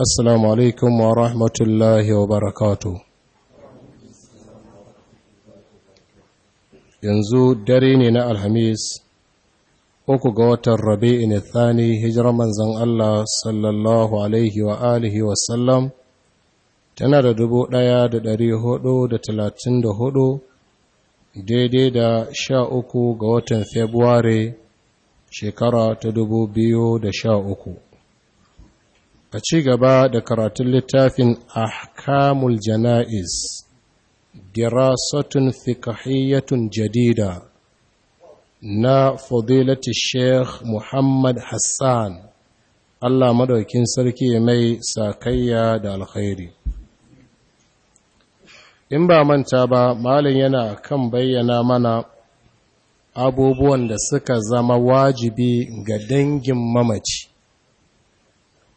Assalamu alaikum wa rahmatullahi wa barakatu. Yanzu dare ne na Alhamis, uku ga watan Rabi'in Thani hijirar manzan Allah sallallahu tana da dubu ɗaya da ɗari hudu da talatin da hudu daidai da sha uku ga watan Februari shekara ta dubu biyu da sha uku. a ci gaba da karatun littafin ahkamul jana'iz dirasatun fikahiyatun jadida na fadilati sheikh muhammad hassan allah madaukin sarki mai sakayya da alkhairi in ba manta ba malin yana kan bayyana mana abubuwan da suka zama wajibi ga dangin mamaci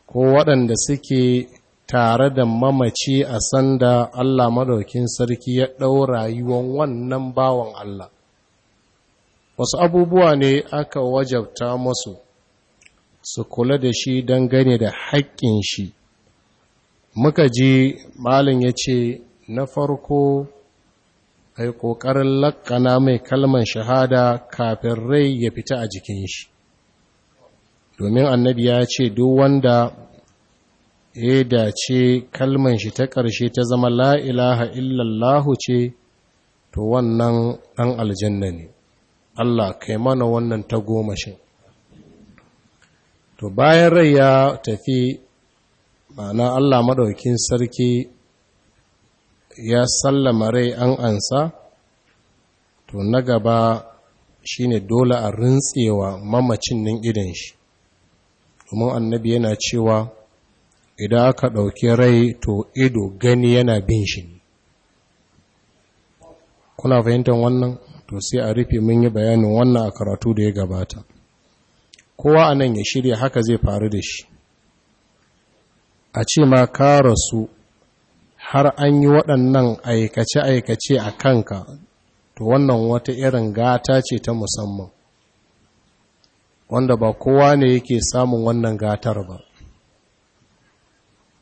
ko waɗanda suke tare da mamaci a sanda Allah maɗaukin sarki ya ɗau rayuwan wannan bawan Allah. Wasu abubuwa ne aka wajabta masu su kula da shi don gane da haƙƙin shi. Muka ji malin ya ce, Na farko, ai ƙoƙarin laƙana mai kalman shahada kafin rai ya fita a jikin shi. domin annabi ya ce duk wanda ya dace kalman shi ta ƙarshe ta zama la'ilaha, illallahu ce to wannan ɗan aljanna ne Allah kai mana wannan ta goma shi to bayan rai ya tafi ma'ana Allah maɗaukin sarki ya sallama rai an ansa to na gaba shine dole a rintsewa mamacin nan idan shi domin annabi yana cewa idan aka ɗauki rai to ido gani yana bin shi kuna fahimtar wannan to sai a rufe mun yi bayanin wannan a karatu da ya gabata kowa a nan ya shirya haka zai faru da shi a ce ma ka rasu har an yi waɗannan aikace-aikace a kanka to wannan wata irin gata ce ta musamman wanda ba kowa ne yake samun wannan gatar ba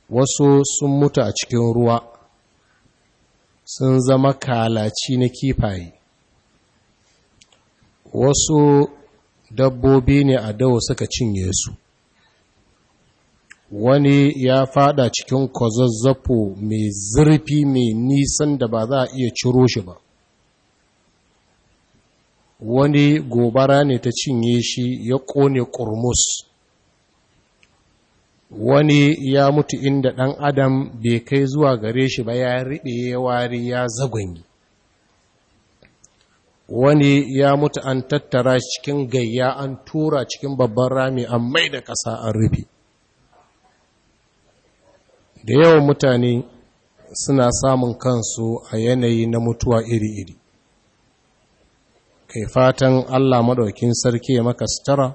wasu sun mutu a cikin ruwa sun zama kalaci na kifaye wasu dabbobi ne a dawo suka cinye su wani ya fada cikin kwazazzafo mai zurfi mai nisan da ba za a iya ciro shi ba wani gobara ne ta cinye shi ya ƙone ƙurmus wani ya mutu inda ɗan adam bai kai zuwa gare shi ba ya riɓe ya wari ya zagonyi wani ya mutu an tattara cikin gayya an tura cikin babban rami an mai da ƙasa an rufe da yawan mutane suna samun kansu a yanayi na mutuwa iri-iri kai fatan Allah maɗaukin sarki ya maka sutura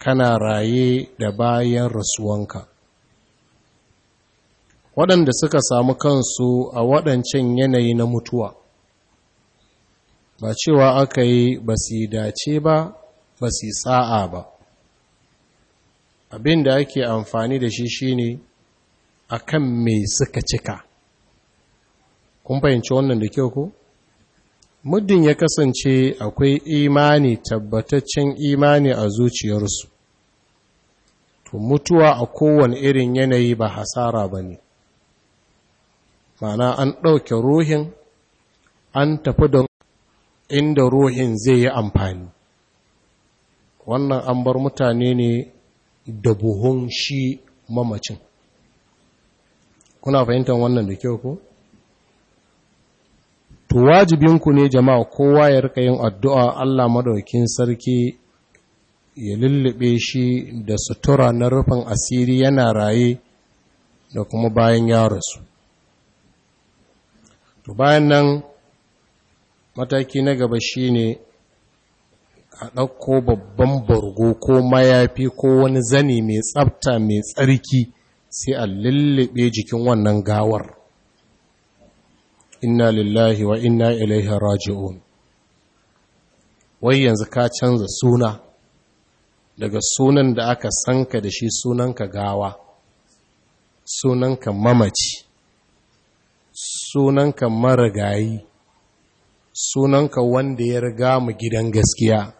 kana raye da bayan rasuwanka waɗanda suka samu kansu a waɗancan yanayi na mutuwa ba cewa aka yi ba su dace ba ba su sa'a ba abin da ake amfani da shi shine a kan me suka cika kun fahimci wannan da kyau ko? muddin ya kasance akwai imani tabbataccen imani a zuciyarsu to mutuwa a kowane irin yanayi ba hasara ba ne mana an ɗauke ruhin an tafi da inda ruhin zai yi amfani wannan an bar mutane ne da buhun shi mamacin kuna fahimtar wannan da kyau ko? to wajibinku ne jama'a kowa ya rika yin addu'a Allah maɗaukin sarki ya lullube shi da sutura na rufin asiri yana raye da kuma bayan ya rasu. To bayan nan mataki na gaba shi ne a ɗauko babban bargo ko mayafi ko wani zani mai tsabta mai tsarki sai a lullube jikin wannan gawar. inna lillahi wa inna ilaihi raji'un wai yanzu ka canza suna daga sunan da aka sanka da shi sunanka gawa sunanka mamaci sunanka marigayi sunanka wanda ya riga mu gidan gaskiya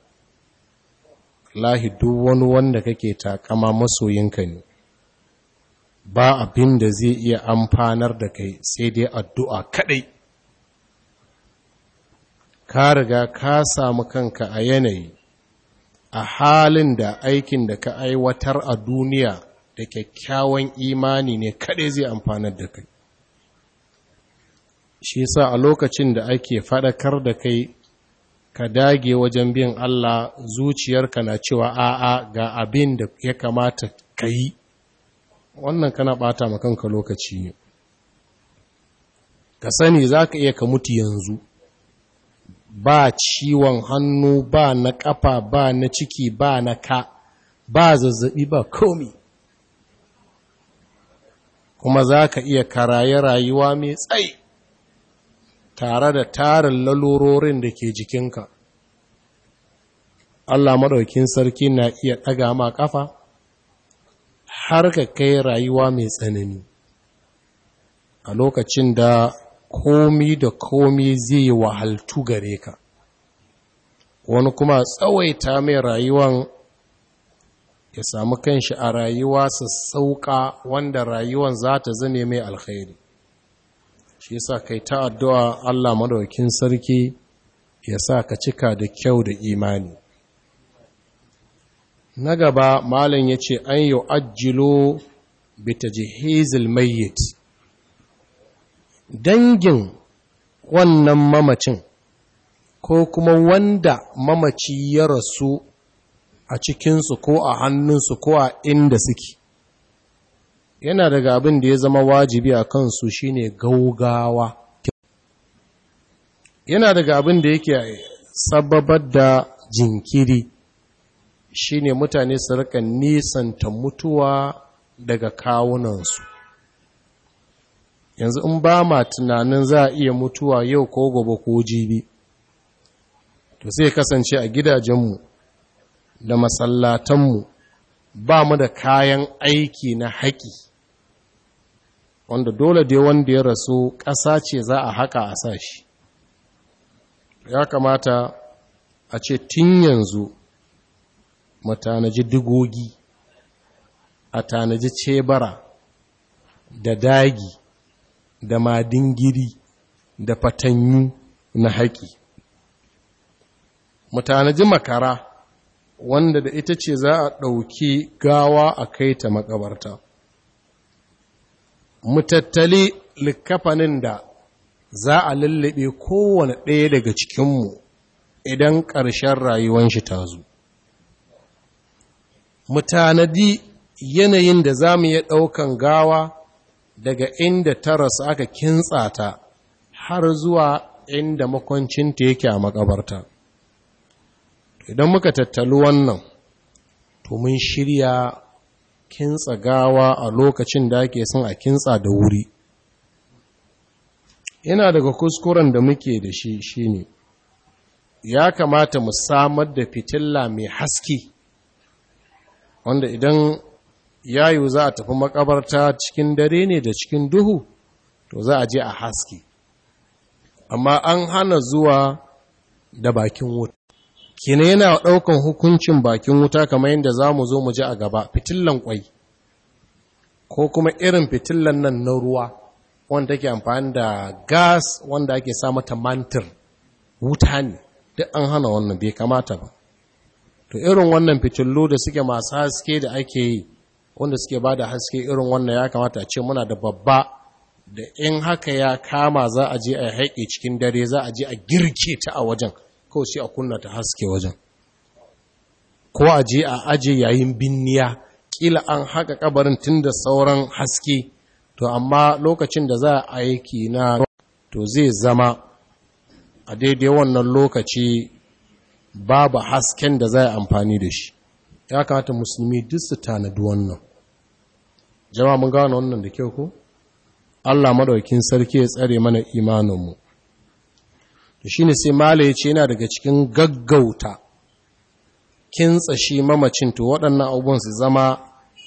lahi duk wani wanda kake takama masoyinka ne ba abin da zai iya amfanar da kai sai dai addu'a kaɗai ka riga ka samu kanka a yanayi a halin da aikin da ka aiwatar a duniya da kyakkyawan imani ne kaɗai zai amfanar da kai shi sa a lokacin da ake faɗakar da kai ka dage wajen bin Allah zuciyarka na cewa a'a ga abin da ya kamata ka yi wannan kana bata ma kanka lokaci ne ka sani za ka iya ka mutu yanzu ba ciwon hannu ba na ƙafa ba na ciki ba na ka ba zazzabi ba komi kuma za ka iya karaye rayuwa mai tsayi tare da tarin lalurorin da ke jikinka Allah maɗaukin sarki na iya ɗaga ma ƙafa har ka kai rayuwa mai tsanani a lokacin da komi da komi zai wahaltu gare ka wani kuma tsawaita mai rayuwan ya samu kanshi a rayuwa su sauka wanda rayuwan za ta zame mai alkhairi shi yasa kai ta addu'a Allah madaukin sarki ya sa ka cika da kyau da imani na gaba malam ya ce an yi ajilo bita jihizil mayyit dangin wannan mamacin ko kuma wanda mamaci ya rasu a cikinsu ko a hannunsu ko a inda suke yana daga abin da ya zama wajibi a kansu shine gaugawa yana daga abin da yake sababar da jinkiri shine mutane su rika nisanta mutuwa daga kawunansu yanzu in ba ma tunanin za a iya mutuwa yau ko gobe ko jibi to sai kasance a gidajenmu da masallatanmu ba mu da kayan aiki na haƙi wanda dole dai wanda ya rasu ƙasa ce za a haƙa a sashi ya kamata a ce tun yanzu mu tanaji digogi a tanaji cebara da dagi da madingiri da fatanyu na haƙi mu tanaji makara wanda da ita ce za a ɗauki gawa a kai ta makabarta mu tattali likafanin da za a lullube kowane ɗaya daga cikinmu idan ƙarshen rayuwan shi ta zo mu yanayin da za mu yi ɗaukan gawa daga inda ta rasu aka kintsa ta har zuwa inda makwancinta yake a makabarta idan muka tattalu wannan to mun shirya kintsa gawa a lokacin da ake son a kintsa da wuri Ina daga kuskuren da muke da shi shine ya kamata mu samar da fitilla mai haske wanda idan yayu za a tafi makabarta cikin dare ne da cikin duhu to za a je a haske amma an hana zuwa da bakin wuta kina yana ɗaukan hukuncin bakin wuta kamar yadda za mu zo mu ji a gaba fitillan kwai ko kuma irin fitillan nan na ruwa wanda ke amfani da gas wanda ake sa mata mantir wuta ne duk an hana wannan bai kamata ba to irin wannan fitillu da suke masu haske da ake yi wanda suke ba da haske irin wannan ya kamata a ce muna da babba da in haka ya kama za a je a haƙe cikin dare za a je a girke ta a wajen kawai sai a kunna ta haske wajen ko a je a aje yayin binniya kila an haka kabarin tun da sauran haske to amma lokacin da za a aiki na to zai zama a daidai wannan lokaci babu hasken da za a amfani da shi ya kamata musulmi duk su tanadi wannan Jama mun gano wannan da kyau ko Allah madaukin sarki ya tsare mana imaninmu shi ne sai mala ce yana daga cikin gaggauta Kintsashi shi mamacin to waɗannan abubuwan su zama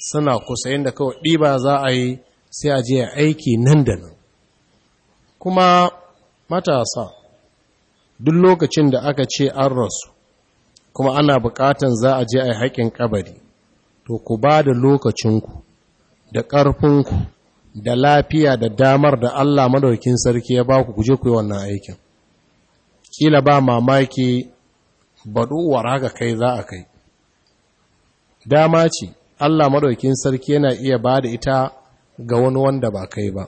suna kusa yadda kawai ɗiba za a yi sai a je aiki nan da nan kuma matasa duk lokacin da aka ce an rasu kuma ana bukatan za a je a yi haƙin ƙabari to ku ba da lokacinku da ƙarfinku da lafiya da damar da Allah madaukin sarki ya ba ku kuje ku yi wannan aikin kila ba mamaki baɗuwar haka kai za a kai dama ce Allah madaukin sarki yana iya ba da ita ga wani wanda ba kai ba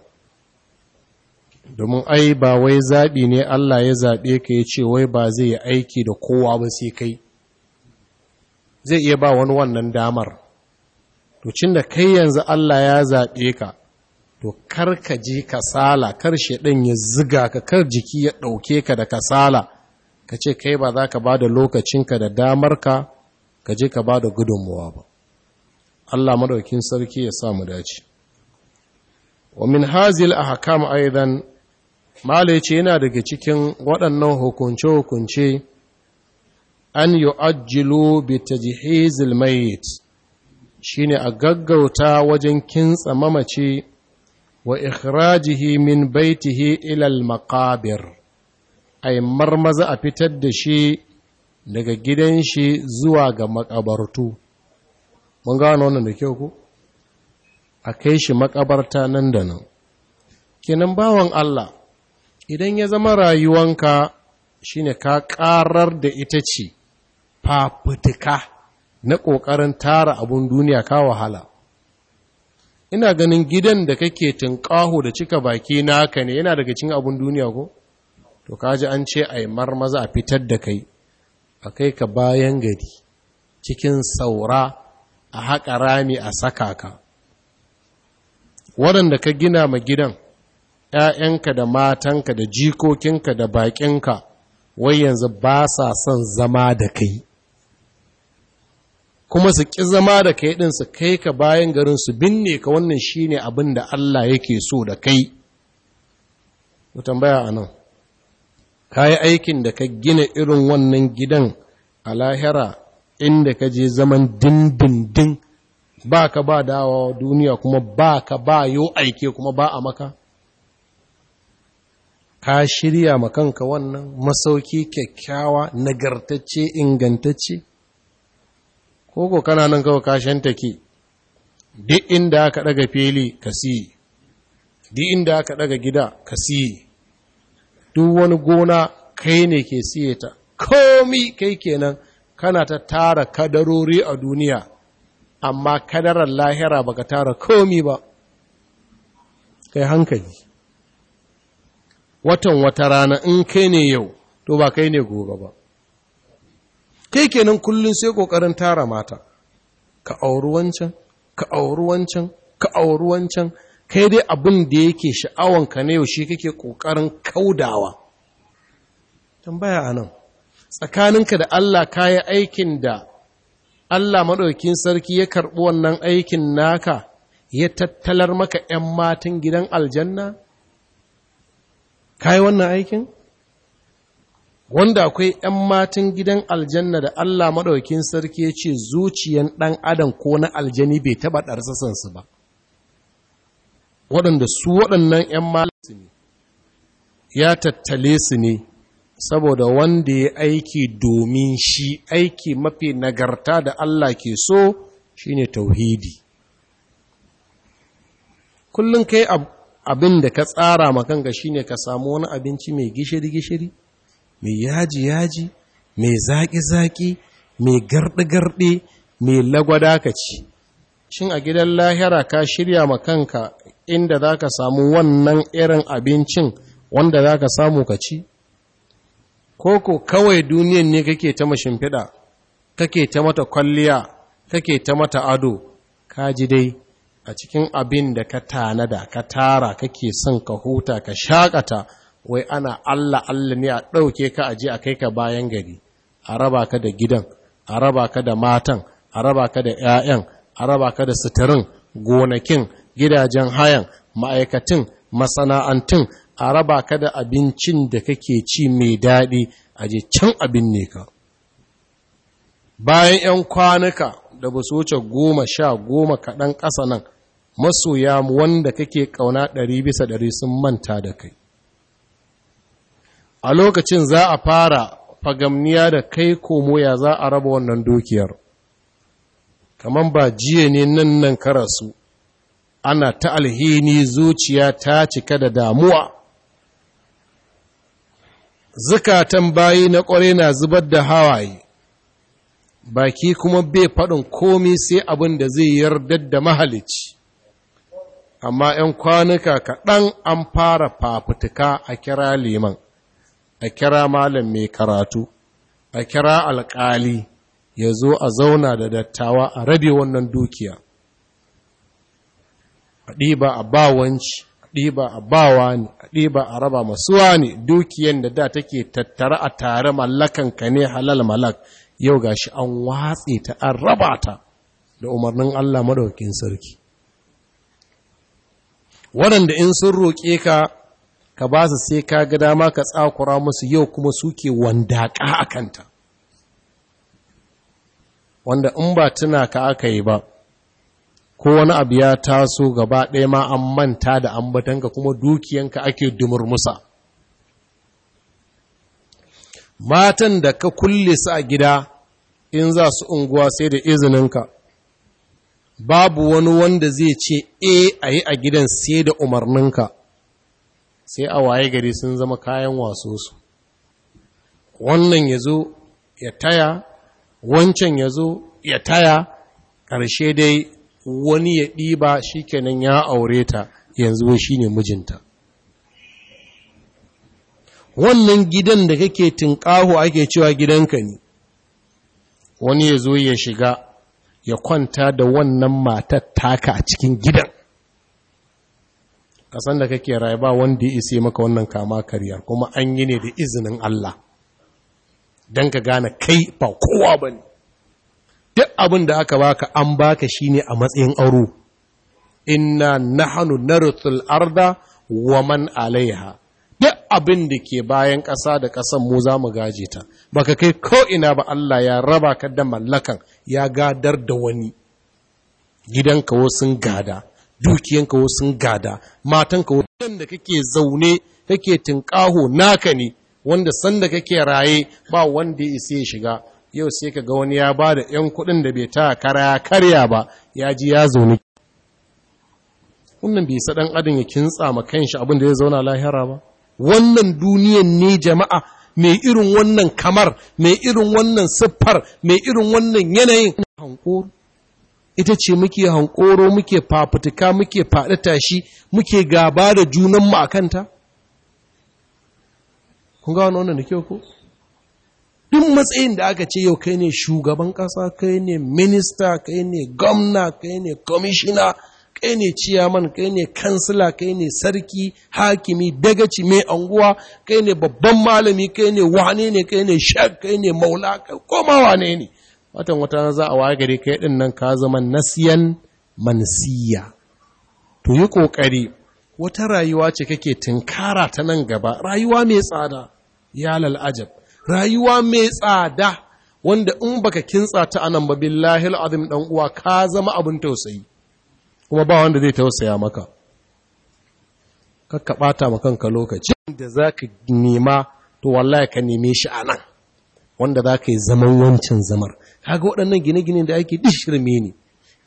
domin ai ba wai zaɓi ne Allah ya zaɓe ka ya ce wai ba zai yi aiki da kowa ba sai kai zai iya ba wani wannan damar to cin kai yanzu Allah ya zaɓe ka to kar ka ji kasala kar shaɗin ya ziga ka kar jiki ya ɗauke ka da kasala ka ce kai ba za ka ba da lokacinka da damarka ka je ka ba da gudunmuwa ba Allah maɗaukin sarki ya samu dace wa min hazil ahkam aidan mala yace yana daga cikin waɗannan hukunce-hukunce an yi ajilu bi tajhizil mayit ne a gaggauta wajen kintsa mamaci wa ikhrajihi min baitihi ilal makabir, a yi marmaza a fitar da shi daga gidan shi zuwa ga makabartu mun gano wannan da kyau ku a kai shi makabarta nan da nan kenan bawan Allah idan ya zama rayuwanka ne ka karar da ita ce fafutuka na ƙoƙarin tara abun duniya ka wahala ina ganin gidan da kake tunƙaho da cika baki naka ne yana daga cin abun duniya ko to kaji an ce ai marmaza a fitar da kai a kai ka bayan gari cikin saura a haƙa rami a saka ka waɗanda ka gina ma gidan ‘ya'yanka da matanka da jikokinka da baƙinka wai yanzu ba sa son zama da kai kuma su ƙi zama da kai ɗin su kai ka bayan garin su binne ka wannan shine abin da Allah yake so da kai ku tambaya anan ka yi aikin da ka gina irin wannan gidan a lahira inda ka je zaman dindindin ba ka ba dawa duniya kuma ba ka ba yo aike kuma ba a maka ka shirya makanka wannan masauki kyakkyawa nagartacce ingantacce koko ko kana nan kawai kashen take duk inda aka daga fili ka siyi duk inda aka daga gida ka siyi duk wani gona kai ne ke siye ta komi kai kenan kana ta tara kadarori a duniya amma kadarar lahira baka tara komi ba kai hankali watan wata rana in kai ne yau to ba kai ne gobe ba ke kenan kullum sai kokarin tara mata ka auri wancan ka auri wancan ka auri wancan kai dai abin da yake sha'awanka na yaushe kake kokarin kaudawa tambaya anan tsakaninka da Allah kayi aikin da Allah maɗaukin sarki ya karɓi wannan aikin naka ya tattalar maka ‘yan matan gidan aljanna? Ka yi wannan aikin? wanda akwai ‘yan matan gidan aljanna da Allah maɗaukin sarki ya ce zuciyan ɗan adam ko na aljani bai taɓa ɗarsasansu ba, waɗanda su waɗannan ‘yan malasu ne, ya tattale su ne, saboda wanda ya aiki domin shi aiki mafi nagarta da Allah ke so shi ne tauhidi. Kullum kai abin da ka tsara makanga shi ne ka samu wani abinci mai gishiri-gishiri? mai yaji-yaji mai zaƙi-zaƙi mai garɗi-garɗi mai lagwada ka ci shin a gidan lahira ka shirya ma kanka inda za ka samu wannan irin abincin wanda za ka samu ka ci koko kawai duniyan ne kake ta mashimfiɗa kake ta mata kwalliya kake ta mata ado ka ji dai a cikin abin da ka tanada ka tara kake son ka huta ka shakata wai ana Allah Allah ne a ɗauke ka aje a kai ka bayan gari a raba ka da gidan a raba ka da matan a raba ka da 'ya'yan a raba ka da suturin gonakin gidajen hayan ma'aikatin masana'antun a raba ka da abincin da kake ci mai daɗi a je can abin ne ka bayan 'yan kwanuka da ba su wuce goma sha goma kaɗan ƙasa nan masoya wanda kake ƙauna ɗari bisa ɗari sun manta da kai a lokacin za a fara fagamniya da kai komo ya za a raba wannan dukiyar kamar ba jiya ne nan nan karasu ana ta alhini zuciya ta cika da damuwa zukatan bayi na ƙware na zubar da hawaye baki kuma bai faɗin komi sai abin da zai yarda da mahalici amma ‘yan kwanuka kaɗan an fara fafutuka a kira liman a kira malam mai karatu a kira alƙali ya zo a zauna da dattawa a rabe wannan dukiya a ɗiba a bawanci a ɗiba a bawa ne a ɗiba a raba masuwa ne dukiyan da da take tattara a tare mallakan ka ne halal malak yau gashi an watse ta an raba ta da umarnin Allah madaukakin sarki waɗanda in sun roƙe ka ka ba su sai ka ga dama ka tsakura musu yau kuma suke wandaƙa a kanta wanda in ba tuna ka aka yi ba ko wani abu ya taso gaba ɗaya ma an manta da ambatanka kuma dukiyanka ake dumurmusa matan da ka kulle su a gida in za su unguwa sai da izininka babu wani wanda zai ce e a yi a gidan sai da umarninka sai a waye gari sun zama kayan waso su wannan ya zo ya taya wancan ya zo ya taya ƙarshe dai wani ya ɗiba shi kenan ya aure ta yanzu shi ne mijinta wannan gidan da kake tinƙaho ake cewa gidanka ne wani ya zo ya shiga ya kwanta da wannan matattaka a cikin gidan kasan da kake raye ba wanda ya isi maka wannan kama kariyar kuma an yi ne da izinin Allah don ka gane kai ba kowa ba ne duk abin da aka baka an baka shi ne a matsayin aro inna nahanu narithul arda wa man alaiha duk abin da ke bayan ƙasa da ƙasan mu za mu gaje ta baka kai ko ina ba Allah ya raba ka da mallakan ya gadar da wani gidanka wasu gada dukiyanka wasu sun gada matanka da kake zaune kake tunkaho naka ne wanda sanda kake raye ba wanda ya ya shiga yau sai ka ga wani ya ba da 'yan kuɗin da bai ta kara karya ba ya ji ya zaune wannan bai sa ɗan adam ya kintsa ma kanshi abin da ya zauna lahira ba wannan duniyan ne jama'a mai irin wannan kamar mai irin wannan siffar mai irin wannan yanayin hankuru ita ce muke hankoro muke fafutuka muke faɗi tashi muke gaba da junan a kanta? Kun ga wani wannan da kyau ko? Duk matsayin da aka ce yau kai ne shugaban ƙasa, kai ne minista, kai ne gwamna, kai ne kwamishina, kai ne ciyaman, kai ne kansila, kai ne sarki, hakimi, dagaci mai anguwa, kai ne babban malami, kai ne wane ne, kai ne shak, kai ne maula, kai koma wane ne. watan wata za a waye ka kai din nan ka zama nasiyan mansiya to yi kokari wata rayuwa ce kake tinkara ta nan gaba rayuwa mai tsada ya lal'ajab rayuwa mai tsada wanda in baka kintsa ta anan ba billahi alazim dan uwa ka zama abin tausayi kuma ba wanda zai tausaya maka kakka bata ma kanka lokaci da zaka nema to wallahi ka neme shi anan wanda zaka yi zaman wancin zamar kaga waɗannan gine-gine da ake dishirme ne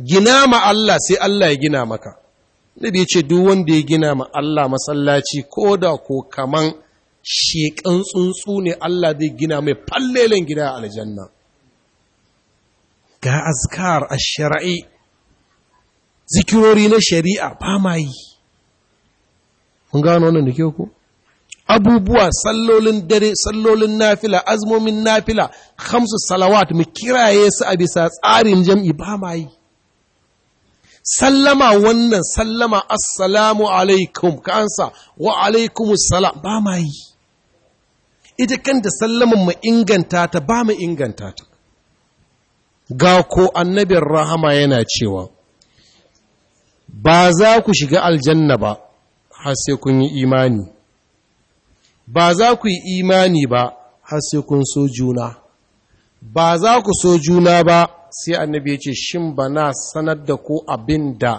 gina ma Allah sai Allah ya gina maka da ya ce duk wanda ya gina ma Allah masallaci ko da ko kaman shekan tsuntsu ne Allah zai gina mai fallelen gida a aljanna ga azkar a shari'i zikirori na shari'a ba ma yi kun gano wannan da ke ku abubuwa sallolin dare sallolin nafila azmomin nafila hamsu salawat mu kiraye su a bisa tsarin jam'i ba ma yi sallama wannan sallama assalamu alaikum ka ansa wa alaikum salam ba ma yi ita kanta sallaman mu inganta ta ba mu inganta ta ga ko annabin rahama yana cewa ba za ku shiga aljanna ba har sai kun yi imani ba za ku yi imani ba har sai kun so juna ba za ku so juna ba sai annabi ya ce shin ba na sanar da ku abin da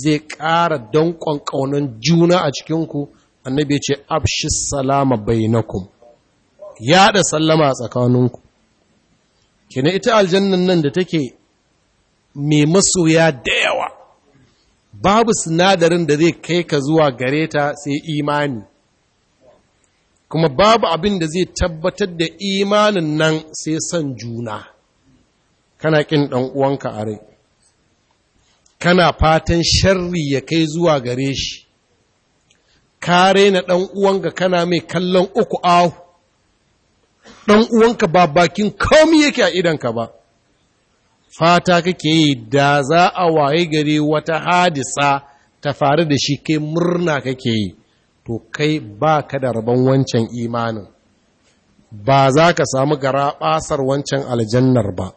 zai ƙara don ƙaunar juna a cikinku annabi ya ce abshi salama bainakum yaɗa sallama a tsakaninku kina ita aljannan nan da take mai masoya da yawa babu sinadarin da zai kai ka zuwa gare ta sai imani kuma babu abin da zai tabbatar da imanin nan sai son juna kana ƙin ɗan uwanka a rai kana fatan sharri ya kai zuwa gare shi Kare na ɗan uwanka kana mai kallon uku ahu Ɗan'uwanka uwanka ba bakin komai yake a idanka ba fata kake yi da za a waye gare wata hadisa ta faru da shi kai murna kake yi to kai ba ka da rabon wancan imanin ba za ka samu gara basar wancan aljannar ba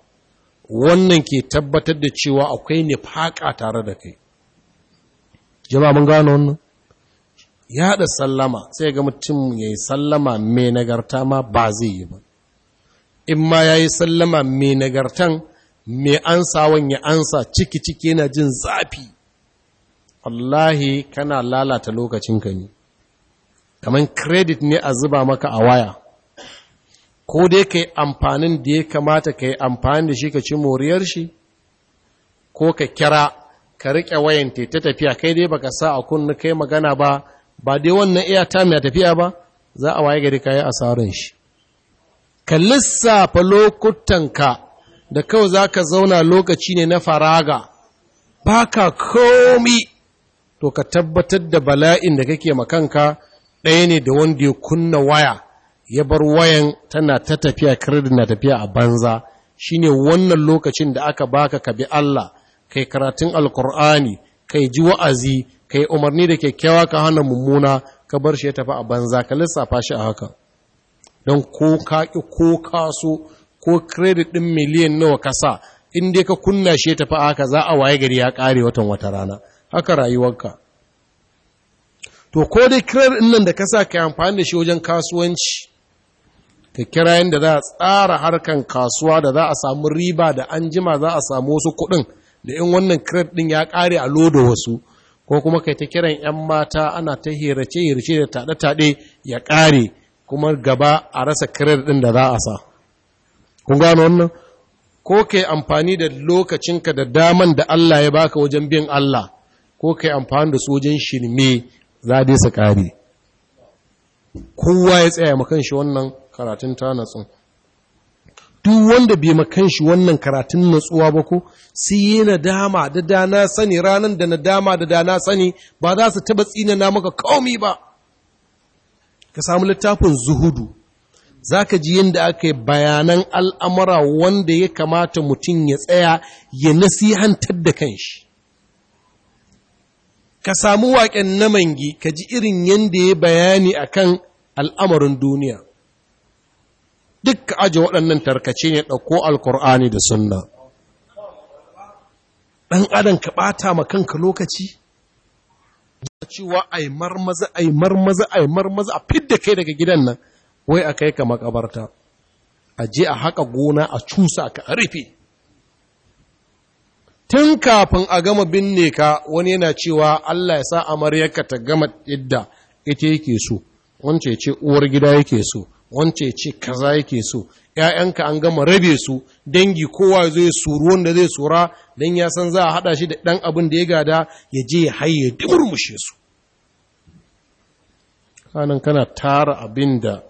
wannan ke tabbatar da cewa akwai ne faƙa tare da kai jama mun gano wannan ya da sallama sai ga mutum ya yi sallama mai nagarta ma ba zai yi ba in ma ya yi sallama mai nagartan mai ansawan ya ansa ciki-ciki yana jin zafi wallahi kana lalata lokacinka ne kamar credit ne a zuba maka a waya ko dai ka yi amfanin da ya kamata ka yi amfani da shi ka ci moriyar shi ko ka kira ka riƙe wayan ta tafiya kai dai baka sa a kunna kai magana ba ba dai wannan iya ta mai tafiya ba za a waye gari ka yi asarin shi ka lissafa lokutanka da kawai za ka zauna lokaci ne na faraga baka komi to ka tabbatar da bala'in da kake ma kanka. ɗaya ne da wanda ya kunna waya ya bar wayan tana ta tafiya kiredit na tafiya a banza shine wannan lokacin da aka baka ka bi Allah kai karatun alkur'ani kai ji wa'azi kai umarni da kyakkyawa ka hana mummuna ka bar shi ya tafi a banza ka lissafa shi a haka don ko ka ko kaso ko kiredit ɗin miliyan nawa ka sa in dai ka kunna shi ya tafi a haka za a waye gari ya kare watan wata rana haka rayuwarka to ko dai kirar nan da ka sa ka amfani da shi wajen kasuwanci ka kira yadda za a tsara harkan kasuwa da za a samu riba da an jima za a samu wasu kuɗin da in wannan kirar ɗin ya ƙare a lodo wasu ko kuma kai ta kiran 'yan mata ana ta hirace-hirace da taɗe-taɗe ya ƙare kuma gaba a rasa kirar ɗin da za a sa kun gano wannan ko ka amfani da lokacinka da daman da Allah ya baka wajen bin Allah ko ka amfani da su wajen shirme za dai su ƙari kowa ya tsaya makan shi wannan karatun ta natsu duk wanda bai makan shi wannan karatun natsuwa ba ko sai yi nadama da dana sani ranar da nadama da dana sani ba za su taba na maka kaumi ba ka samu littafin zuhudu za ka ji yadda aka yi bayanan al'amura wanda ya kamata mutum ya tsaya ya nasihantar da kanshi ka samu waƙen na mangi ka ji irin yadda ya bayani a kan al'amarin duniya duk ka aji waɗannan tarkace ne ɗauko alkur'ani da sunna ɗan adam ka ɓata ma kanka lokaci cewa ai marmaza ai marmaza ai marmaza a fidda kai daga gidan nan wai a kai ka makabarta a je a haka gona a cusa ka a rufe tun kafin a gama binne ka wani yana cewa Allah ya sa amaryarka ta gama idda ita yake so wance ce uwar gida yake so wance ce kaza yake so ‘ya'yanka an gama rabe su dangi kowa zai suru wanda zai sura don ya san za a haɗa shi da ɗan abin da ya gada ya je ya haye dimurmushe su kanan kana tara abin da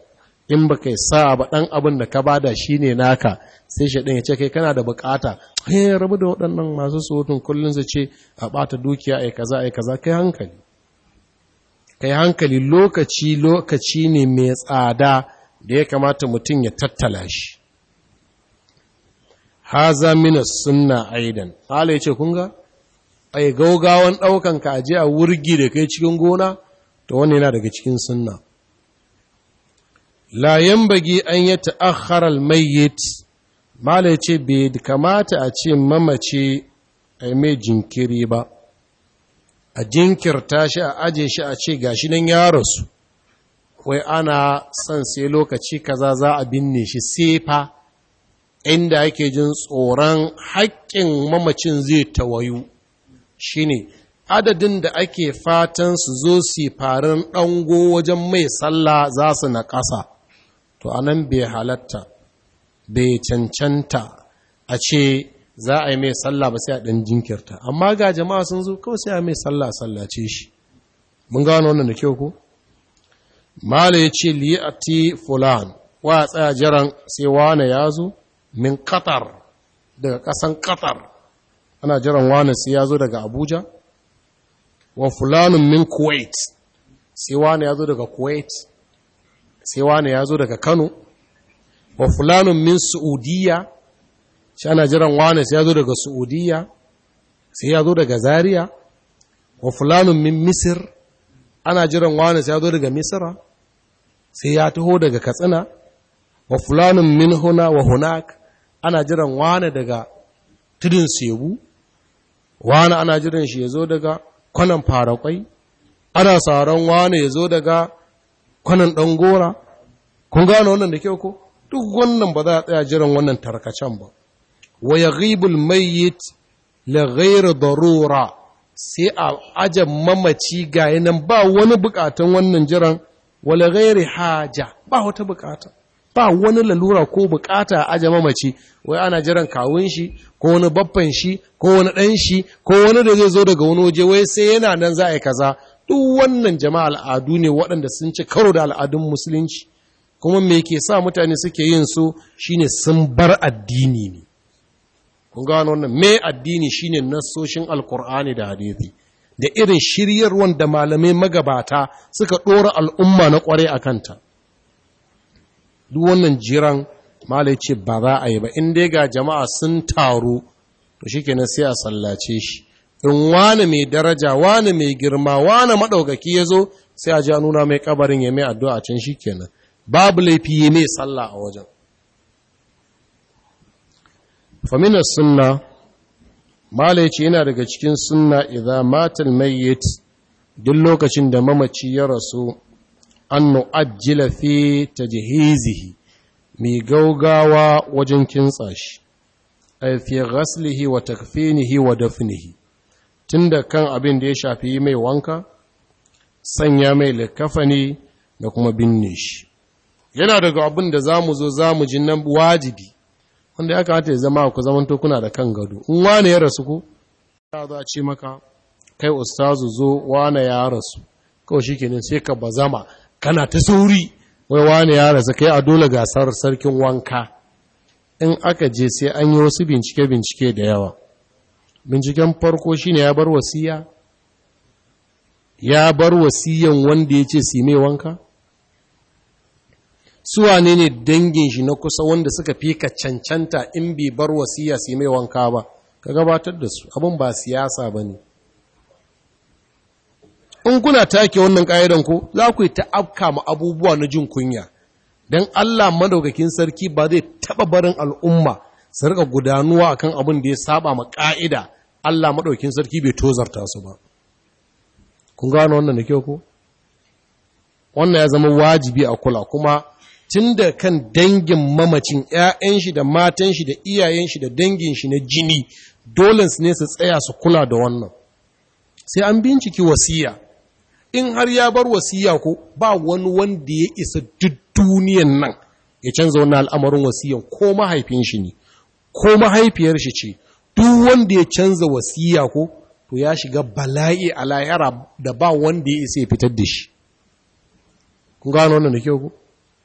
in ba kai sa ba ɗan abin da ka bada shi ne naka sai shi ya ce kai kana da bukata he rabu da waɗannan masu surutun kullum su ce a ɓata dukiya a kaza a kaza kai hankali kai hankali lokaci lokaci ne mai tsada da ya kamata mutum ya tattala shi haza mina sunna aidan hala ya ce kunga ai gaugawan ɗaukan a aje a wurgi da kai cikin gona to wani yana daga cikin sunna la bagi an yi ta'akhkhara mayyit mala ce bai kamata a ce mamace amai mai jinkiri ba a jinkirta shi a aje shi a ce gashi nan yaro su, wai ana son sai lokaci kaza za a binne shi sai fa inda yake jin tsoron haƙƙin mamacin zai tawayu shine adadin da ake fatan su zo su farin ɗango wajen mai sallah za su na ƙasa to anan bai halatta bai cancanta a ce za a yi mai sallah ba sai a ɗan jinkirta amma ga jama'a sun zo kawai sai a mai sallah ce shi mun gano wannan da kyau ko mala ya ce ti fulan wa tsaya jiran sai wane ya zo min qatar daga ƙasan qatar ana jiran wane sai ya zo daga abuja wa fulanun min kuwait sai wane ya zo daga kuwait sai wani ya zo daga kano wa fulanun min saudiya shi ana jiran wani sai ya zo daga saudiya sai ya zo daga Zariya, wa fulanun min misir ana jiran wani sai ya zo daga misira sai ya taho daga katsina wa fulanun min huna wa hunak ana jiran wani daga tudun sebu wani ana jiran shi ya zo daga kwanan farakwai ana sauran wani ya zo daga kwanan ɗan gora kun gano wannan da kyau ko duk wannan ba za a tsaya jiran wannan tarkacen ba wa ghibul mayyit la ghayr darura sai a aje mamaci ga yanan ba wani bukatun wannan jiran la ghairi haja ba wata bukata ba wani lalura ko bukata a aje mamaci wai ana jiran kawun shi ko wani babban shi ko wani dan shi ko wani da zai zo daga wani waje wai sai yana nan za a yi kaza duk wannan jama'a al'adu ne waɗanda sun ci karo da al'adun musulunci kuma me ke sa mutane suke yin su shine sun bar addini ne kun gano wannan me addini shine nasoshin alkur'ani da hadithi da irin shiryarwan da malamai magabata suka ɗora al'umma na ƙware a kanta duk wannan jiran malai ce ba za a yi ba in dai ga jama'a sun taru to shikenan sai a sallace shi in wane mai daraja wane mai girma wane maɗaukaki ya zo sai a ji a nuna mai ƙabarin ya mai addu'a can shi kenan babu laifi ya mai sallah a wajen famina sunna malaici yana daga cikin sunna idan matal mayyit duk lokacin da mamaci ya rasu an nu'ajjila fi jihizihi mai gaugawa wajen kintsa shi ay fi wa takfinihi wa dafnihi tun da kan abin da ya shafi mai wanka sanya mai likafani da kuma binne shi yana daga abin da zamu mu zo za ji nan wajibi wanda ya kamata ya zama ku to kuna da kan gado in wane ya rasu ku ya za a ce maka kai ustazu zo wane ya rasu kawai shi kenan sai ka bazama kana ta sauri wai wane ya rasu kai a dole gasar sarkin wanka in aka je sai an yi wasu bincike-bincike da yawa binciken farko shine ya bar wasiya ya bar wasiyan wanda ya ce si mai wanka suwa ne dangin shi na kusa wanda suka fi ka cancanta in bai bar wasiya si mai wanka ba ka gabatar da su abin ba siyasa ba ne in kuna take wannan ƙa'idan ko za ku yi ta'abka ma abubuwa na jin kunya don Allah madaukakin sarki ba zai taba barin al'umma su rika gudanuwa akan abin da ya saba ma ƙa'ida Allah maɗaukin sarki bai tozarta su ba kun gano wannan da kyau ko wannan ya zama wajibi a kula kuma tun da kan dangin mamacin 'ya'yan shi da matan shi da iyayen shi da dangin shi na jini dole ne su tsaya su kula da wannan sai an binciki wasiya in har ya bar wasiya ko ba wani wanda ya isa duk duniyan nan ya canza wani al'amarin wasiyan ko mahaifin ne ko mahaifiyar shi ce duk wanda ya canza wasiya ko to ya shiga bala'i a layara da ba wanda ya isa ya fitar da shi kun gano wannan da kyau ko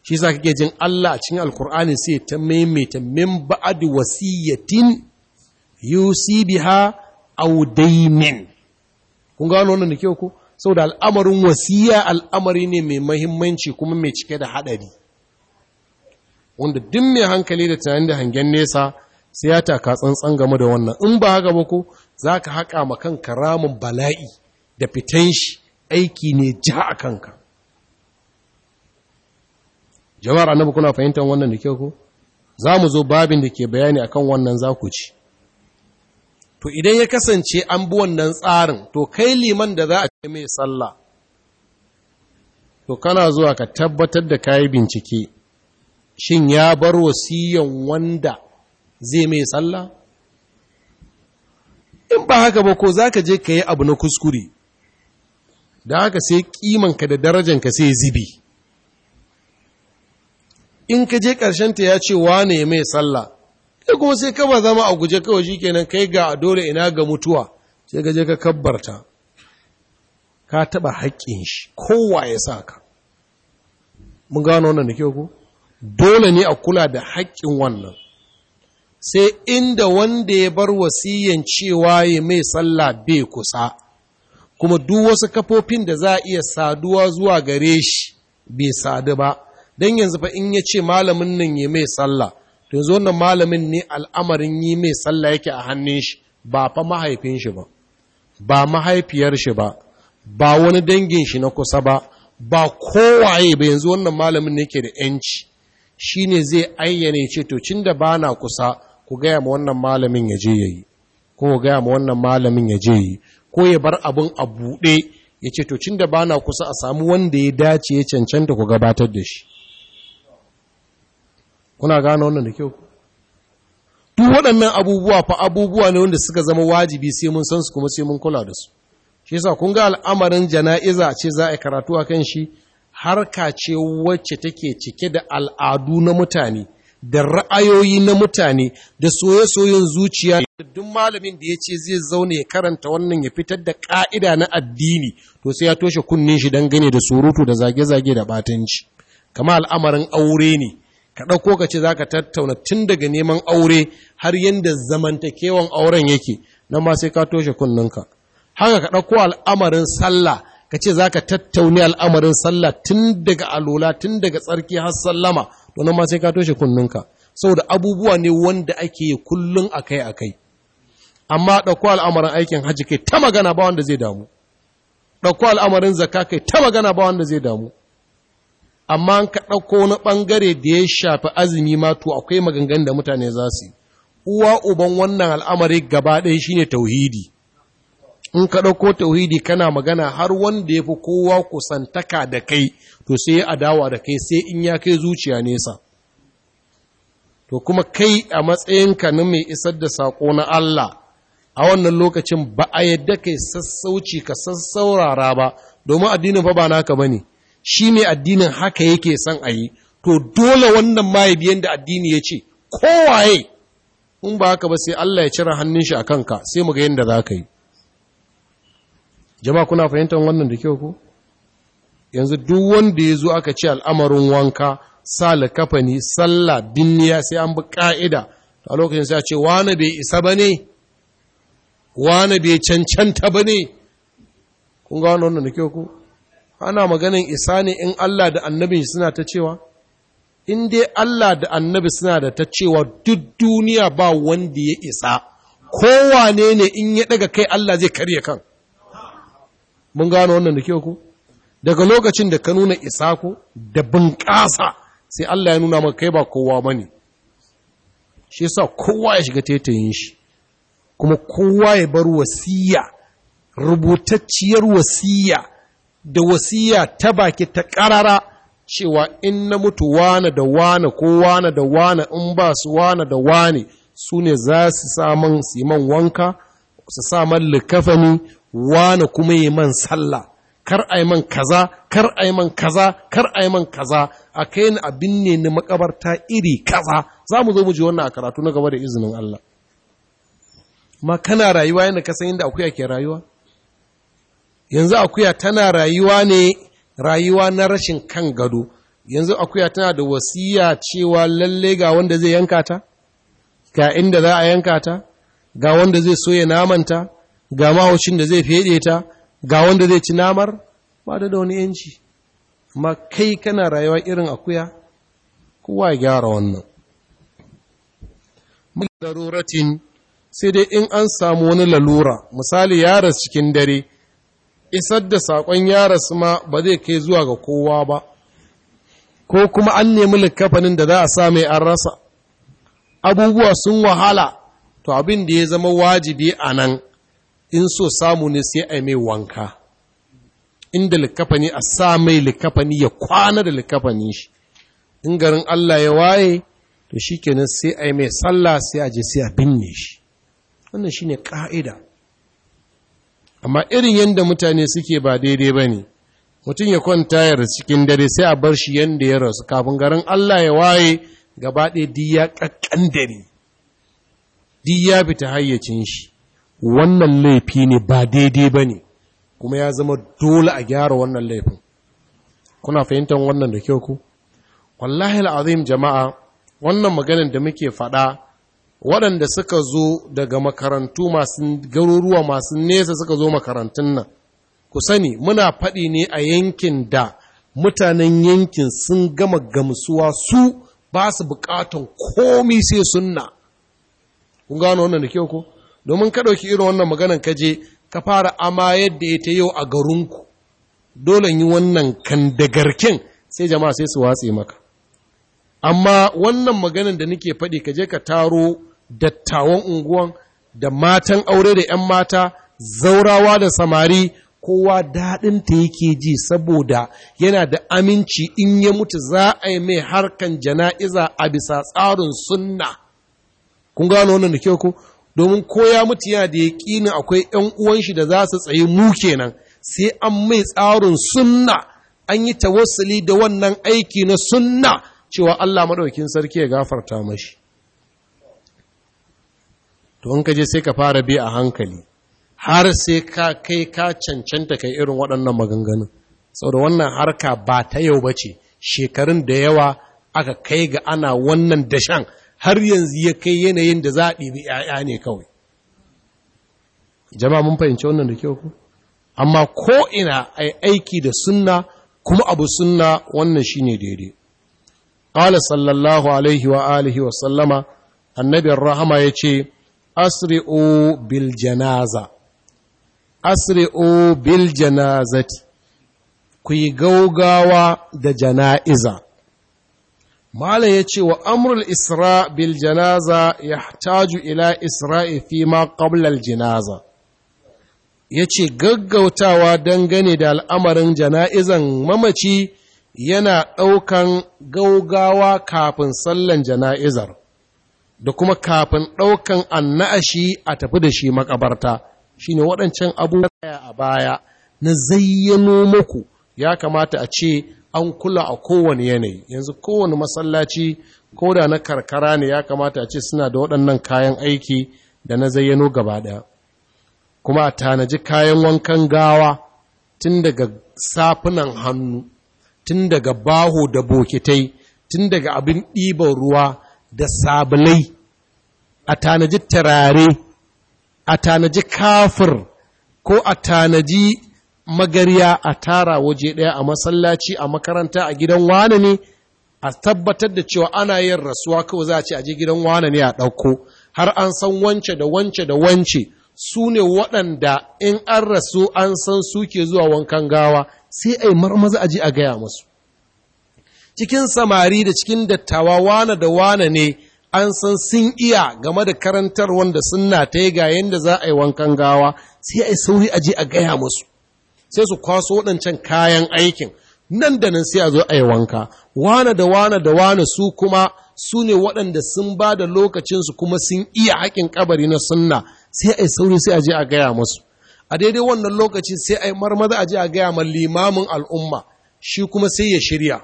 shi sa kake jin Allah a cikin alkur'ani sai ta maimaita min ba'd wasiyatin yusi biha aw daymin kun gano wannan da kyau ko saboda al'amarin wasiya al'amari ne mai mahimmanci kuma mai cike da haɗari wanda duk mai hankali da tunani da hangen nesa sai ya taka tsantsan game da wannan in ba haka ba ko za ka haƙa ma kanka ramin bala'i da fitan shi aiki ne ja a kanka jama'ar annabi kuna fahimtar wannan da kyau ko za mu zo babin da ke bayani akan wannan za ku ci to idan ya kasance an bi wannan tsarin to kai liman da za a ce mai sallah to kana zuwa ka tabbatar da kayi bincike shin ya bar wasiyan wanda zai mai sallah in ba haka ba ko za ka je ka yi abu na kuskure da haka sai kimanka da darajanka sai zibi in ka je ta ya ce wane ne mai sallah kai kuma sai ka ba zama a guje kawai shi kenan kai ga a dole ina ga mutuwa sai ka je ka kabbarta ka taɓa haƙƙin shi kowa ya sa ka mun gano wannan da kyau ku? dole ne a kula da haƙƙin wannan sai inda wanda ya bar wasiyan cewa ya mai sallah bai kusa kuma duk wasu kafofin da za a iya saduwa zuwa gare shi bai sadu ba don yanzu fa in ya ce malamin nan ya mai sallah to yanzu wannan malamin ne al'amarin yi mai sallah yake a hannun shi ba fa mahaifin shi ba ba mahaifiyar shi ba ba wani dangin shi na kusa ba ba kowaye ba yanzu wannan malamin ne ke da yanci shine zai ayyane ce to cin da bana kusa ku gaya ma wannan malamin ya je yayi ko ku gaya ma wannan malamin ya je yi ko ya bar abun a buɗe ya ce to cin da bana kusa a samu wanda ya dace ya cancanta ku gabatar da shi kuna gane wannan da kyau duk waɗannan abubuwa fa abubuwa ne wanda suka zama wajibi sai mun san su kuma sai mun kula da su shi yasa kun ga al'amarin jana'iza ce za a yi karatu a kan shi harka ce wacce take cike da al'adu na mutane da ra'ayoyi na mutane da soye-soyen zuciya da duk malamin da ya ce zai zaune ya karanta wannan ya fitar da ƙa'ida na addini to sai ya toshe kunnin shi dangane da surutu da zage-zage da batanci kama al'amarin aure ne ka ɗauko ka ce za ka tattauna tun daga neman aure har yadda zamantakewan auren yake nan ma sai ka toshe kunninka haka ka ɗauko al'amarin sallah ka ce za ka tattauni al'amarin sallah tun daga alola tun daga tsarki har sallama wannan ma sai ka toshe kunnunka saboda abubuwa ne wanda ake yi kullun akai akai amma dauko al'amarin aikin hajji kai ta magana ba wanda zai damu Dauko al'amarin zakka kai ta magana ba wanda zai damu amma an ka dauko wani ɓangare da ya shafi azumi ma to akwai maganganun da mutane za su yi uwa uban wannan al'amari gaba ɗaya shine tauhidi in ka ɗauko tauhidi kana magana har wanda ya fi kowa kusantaka da kai to sai ya adawa da kai sai in ya kai zuciya nesa to kuma kai a matsayinka na mai isar da saƙo na Allah a wannan lokacin ba a yadda kai sassauci ka sassaurara ba domin addinin fa ba naka bane shi ne addinin haka yake son a yi to dole wannan mahaifiyan da addini ya ce kowaye in ba haka ba sai Allah ya cire hannun shi a kanka sai mu ga yadda za ka yi jama'a kuna fahimtar wannan da kyau ko yanzu duk wanda ya zo aka ce al'amarin wanka sa kafani sallah binniya sai an bi ka'ida a lokacin sai a ce wani bai isa ba ne wani bai cancanta ba kun ga wannan da kyau ko ana maganin isa ne in Allah da Annabi suna ta cewa in dai Allah da annabi suna da ta cewa duk duniya ba wanda ya isa kowane ne in ya daga kai Allah zai karya kan mun gano wannan da kyau ku. daga lokacin da ka nuna isa ko da bunƙasa sai Allah ya nuna maka kai ba kowa bane shi yasa kowa ya shiga taitayin shi kuma kowa ya bar wasiya rubutacciyar wasiya da wasiya ta baki ta ƙarara cewa in na mutu wane da wane ko wane da wane in ba su wane da wane su ne za su saman siman wanka su sa man likafani wani kuma yi man sallah kar a yi man kaza kar a yi man kaza kar a yi man kaza a kai ni abin ne na makabarta iri kaza za mu zo mu ji wannan a karatu na gaba da izinin Allah ma kana rayuwa yadda ka san inda akuya ke rayuwa yanzu akuya tana rayuwa ne rayuwa na rashin kan gado yanzu akuya tana da wasiya cewa lalle ga wanda zai yanka ta ga inda za a yanka ta ga wanda zai soya namanta ga mahaucin da zai fede ta ga wanda zai ci namar ba da wani yanci ma kai kana rayuwa irin akuya kowa ya gyara wannan daruratin sai dai in an samu wani lalura misali yaras cikin dare isar da sakon yaras ma ba zai kai zuwa ga kowa ba ko kuma an nemi likafanin da za a sa mai an rasa abubuwa sun wahala to abin da ya zama wajibi a nan in so samu ne sai a mai wanka inda likafani a sa mai likafani ya kwana da likafani shi in garin Allah ya waye to shi kenan sai a mai sallah sai a je sai a binne shi wannan shine ƙa'ida. amma irin yadda mutane suke ba daidai ba ne mutum ya kwanta ya cikin dare sai a bar shi yadda ya rasu kafin garin Allah ya waye gaba ɗaya duk ya ƙaƙƙan dare duk ya fita hayyacin shi wannan laifi ne ba daidai ba ne kuma ya zama dole a gyara wannan laifin kuna fahimtar wannan da kyau ku wallahi al'azim jama'a wannan maganin da muke faɗa waɗanda suka zo daga makarantu masu garuruwa masu nesa suka zo makarantun nan ku sani muna faɗi ne a yankin da mutanen yankin sun gama gamsuwa su ba su buƙatan komi sai sunna kun gano wannan da kyau ko domin ka ɗauki irin wannan maganan ka je ka fara ama yadda ita yau a garinku dole yi wannan kandagarken sai jama'a sai su watse maka amma wannan maganan da nake faɗi ka je ka taro dattawan unguwan da matan aure da 'yan mata zaurawa da samari kowa daɗinta yake ji saboda yana da aminci in ya mutu za a yi mai harkan jana'iza a bisa tsarin sunna kun gano wannan da kyau ko domin koya mutu yana da yaƙinin akwai ‘yan uwan shi da za su tsaye mu kenan sai an mai tsarin sunna an yi tawassuli da wannan aiki na sunna cewa Allah maɗaukin sarki ya gafarta mashi to in ka je sai ka fara bi a hankali har sai ka kai ka cancanta kai irin waɗannan maganganun saboda wannan harka ba ta yau ba shekarun da yawa aka kai ga ana wannan dashan har yanzu ya kai yanayin da za a ɗibi ‘ya'ya ne kawai jama'a mun fahimci wannan da kyau ku amma ko ina yi aiki da sunna kuma abu sunna wannan shi ne daidai Ƙala sallallahu alaihi wa alihi wa sallama annabin rahama yace asri'u bil janaza asri'u bil janazati ku yi gaugawa da jana'iza Mala ya ce wa amrul isra bil janaza ya taju ila isra'i fi ma ƙablal janaza. Ya ce gaggautawa dangane da al'amarin jana'izan mamaci yana ɗaukan gaugawa kafin sallan jana'izar, da kuma kafin ɗaukan anna'ashi a tafi da shi makabarta, shi ne waɗancan abubuwa a baya na zayyano muku ya kamata a ce an kula a kowane yanayi yanzu kowane masallaci ko da na karkara ne ya kamata a ce suna da waɗannan kayan aiki da na zayyano gaba ɗaya kuma a tanaji kayan wankan gawa tun daga safunan hannu tun daga baho da bokitai tun daga abin ɗiban ruwa da sabulai a tanaji turare a tanaji kafir ko a tanaji magarya a tara waje ɗaya a masallaci a makaranta a gidan wane ne a tabbatar da cewa ana yin rasuwa kawai za a ce a je gidan wane ne a ɗauko har an san wance da wance da wance su ne waɗanda in an rasu an san suke zuwa wankan gawa sai a yi marmaza a je a gaya masu. cikin samari da cikin dattawa wane da wane ne an san sun iya game da karantar wanda sunna ta yi ga yadda za a yi wankan gawa sai a yi sauri a je a gaya musu sai su kwaso waɗancan kayan aikin nan da nan sai a zo a yi wanka wane da wane da wane su kuma su ne waɗanda sun ba da lokacinsu kuma sun iya haƙin kabari na sunna sai a yi sauri sai a je a gaya masu a daidai wannan lokaci sai a yi marmaza a je a gaya ma limamin al'umma shi kuma sai ya shirya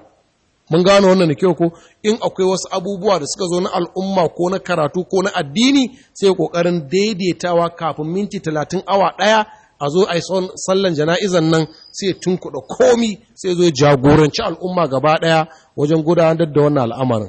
mun gano wannan da kyau ko in akwai wasu abubuwa da suka zo na al'umma ko na karatu ko na addini sai kokarin daidaitawa kafin minti talatin awa ɗaya a zo a yi sallan jana'izan nan sai kuɗa komi sai zo jagoranci al'umma gaba ɗaya wajen gudanar da wannan al'amarin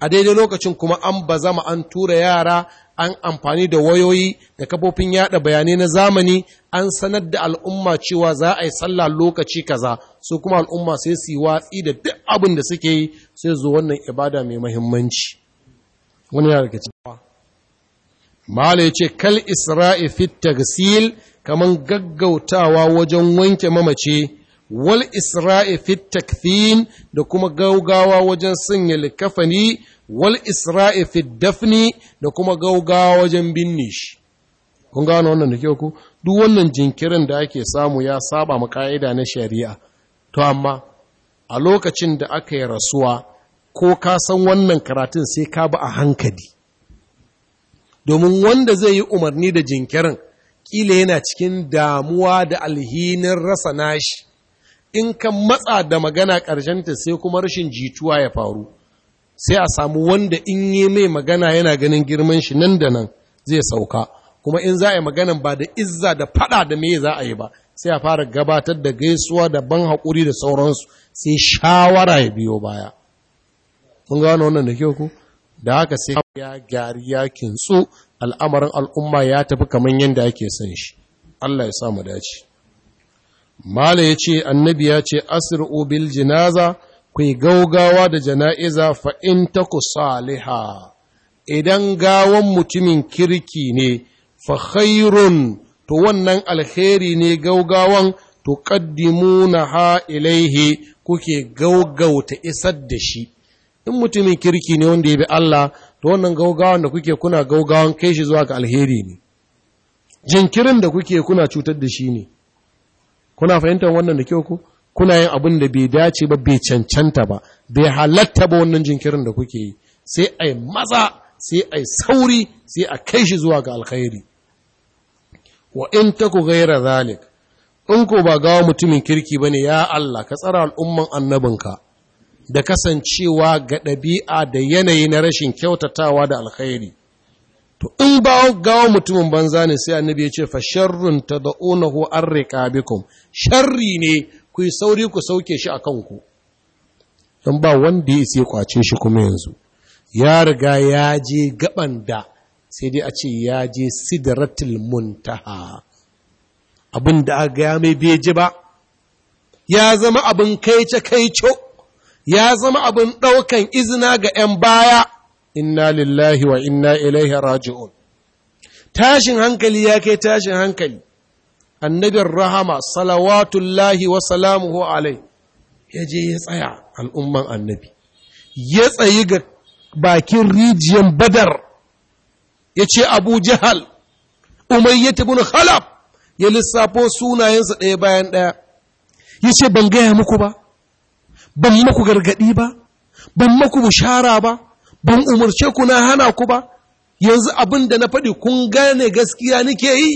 a daidai lokacin kuma an bazama an tura yara an amfani da wayoyi da kafofin yada bayanai na zamani an sanar da al'umma cewa za a yi sallah lokaci kaza su kuma al'umma sai su yi watsi da duk abin da suke yi sai zo wannan ibada mai muhimmanci wani ya rikici. Mala ce, Kal Isra'i fit tagsil kamar gaggautawa wajen wanke mamace, wal Isra'i fit takfin da kuma gaugawa wajen sanya likafani, wal Isra'i fit dafni da kuma gaugawa wajen binne shi. Kun gano wannan da kyau ku? Duk wannan jinkirin da ake samu ya saba ma ka'ida na shari'a. To amma, a lokacin da aka yi rasuwa, ko ka san wannan karatun sai ka ba a hankali. domin wanda zai yi umarni da jinkirin ƙila yana cikin damuwa da alhinin rasa nashi in ka matsa da magana ƙarshenta sai kuma rashin jituwa ya faru sai a samu wanda in yi mai magana yana ganin girman shi nan da nan zai sauka kuma in za a yi maganan ba da izza da faɗa da me za a yi ba sai a fara gabatar da gaisuwa da ban haƙuri da sauransu sai shawara ya biyo baya kun gano wannan da kyau ku da haka sai ya gyari ya kintsu al'amarin al'umma ya tafi kamar yadda ake son shi Allah ya samu dace mala ya ce annabi ya ce asir'u bil jinaza ku gaugawa da jana'iza fa in ku saliha idan gawon mutumin kirki ne fa khairun to wannan alheri ne gaugawan to qaddimuna ha ilaihi kuke gaugauta isar da shi in mutumin kirki ne wanda ya bi Allah to wannan gaugawan da kuke kuna gaugawan kai shi zuwa ga alheri ne jinkirin da kuke kuna cutar da shi ne kuna fahimtar wannan da kyau ku kuna yin abin da bai dace ba bai cancanta ba bai halatta ba wannan jinkirin da kuke yi sai a yi maza sai a yi sauri sai a kai shi zuwa ga alkhairi wa in ta ku gaira zalik in ko ba gawa mutumin kirki ba ne, ya Allah ka tsara al'umman annabinka da kasancewa ga ɗabi'a da yanayi na rashin kyautatawa da alkhairi to in ba gawa mutumin banza ne sai annabi ya ce fa sharrun tad'unahu arriqabikum sharri ne ku yi sauri ku sauke shi a kanku don ba wanda ya sai kwace shi kuma yanzu ya riga ya je gaban da sai dai a ce ya je sidratul muntaha abin da aka ga mai beji ba ya zama abin kai ce ya zama abin ɗaukan izina ga ‘yan baya, inna lillahi wa inna ilaihi raji'un. Tashin hankali ya kai tashin hankali, annabin rahama, salawatullahi wa salamuhu alai, ya je ya tsaya al'umman annabi, ya tsayi ga bakin rijiyar badar, ya ce Abu ya Umayyat ya lissafo sunayensa ɗaya bayan ɗaya, ya ce ban gaya muku ba. ban maku gargaɗi ba ban maku bushara ba ban umarce ku na hana ku ba yanzu abin da na faɗi kun gane gaskiya nake yi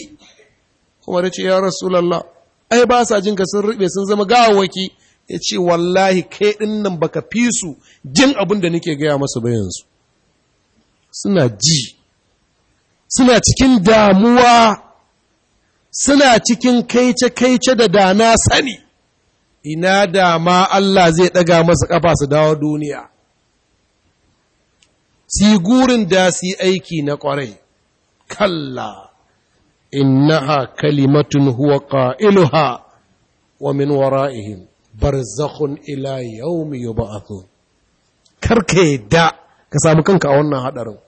kuma da ce ya rasulallah ai ba sa jinka sun ruɓe sun zama gawawaki ya ce wallahi kai ɗin nan baka fi su jin abin da nake gaya masu ba yanzu suna ji suna cikin damuwa suna cikin kaice-kaice da dana sani ina da ma Allah zai ɗaga masa ƙafa su dawo duniya si gurin da si aiki na ƙwarai kalla innaha kalimatun huwa ƙa'iluha wa min bar zakon ila yawmi yub'athun karka da ka samu kanka a wannan haɗarin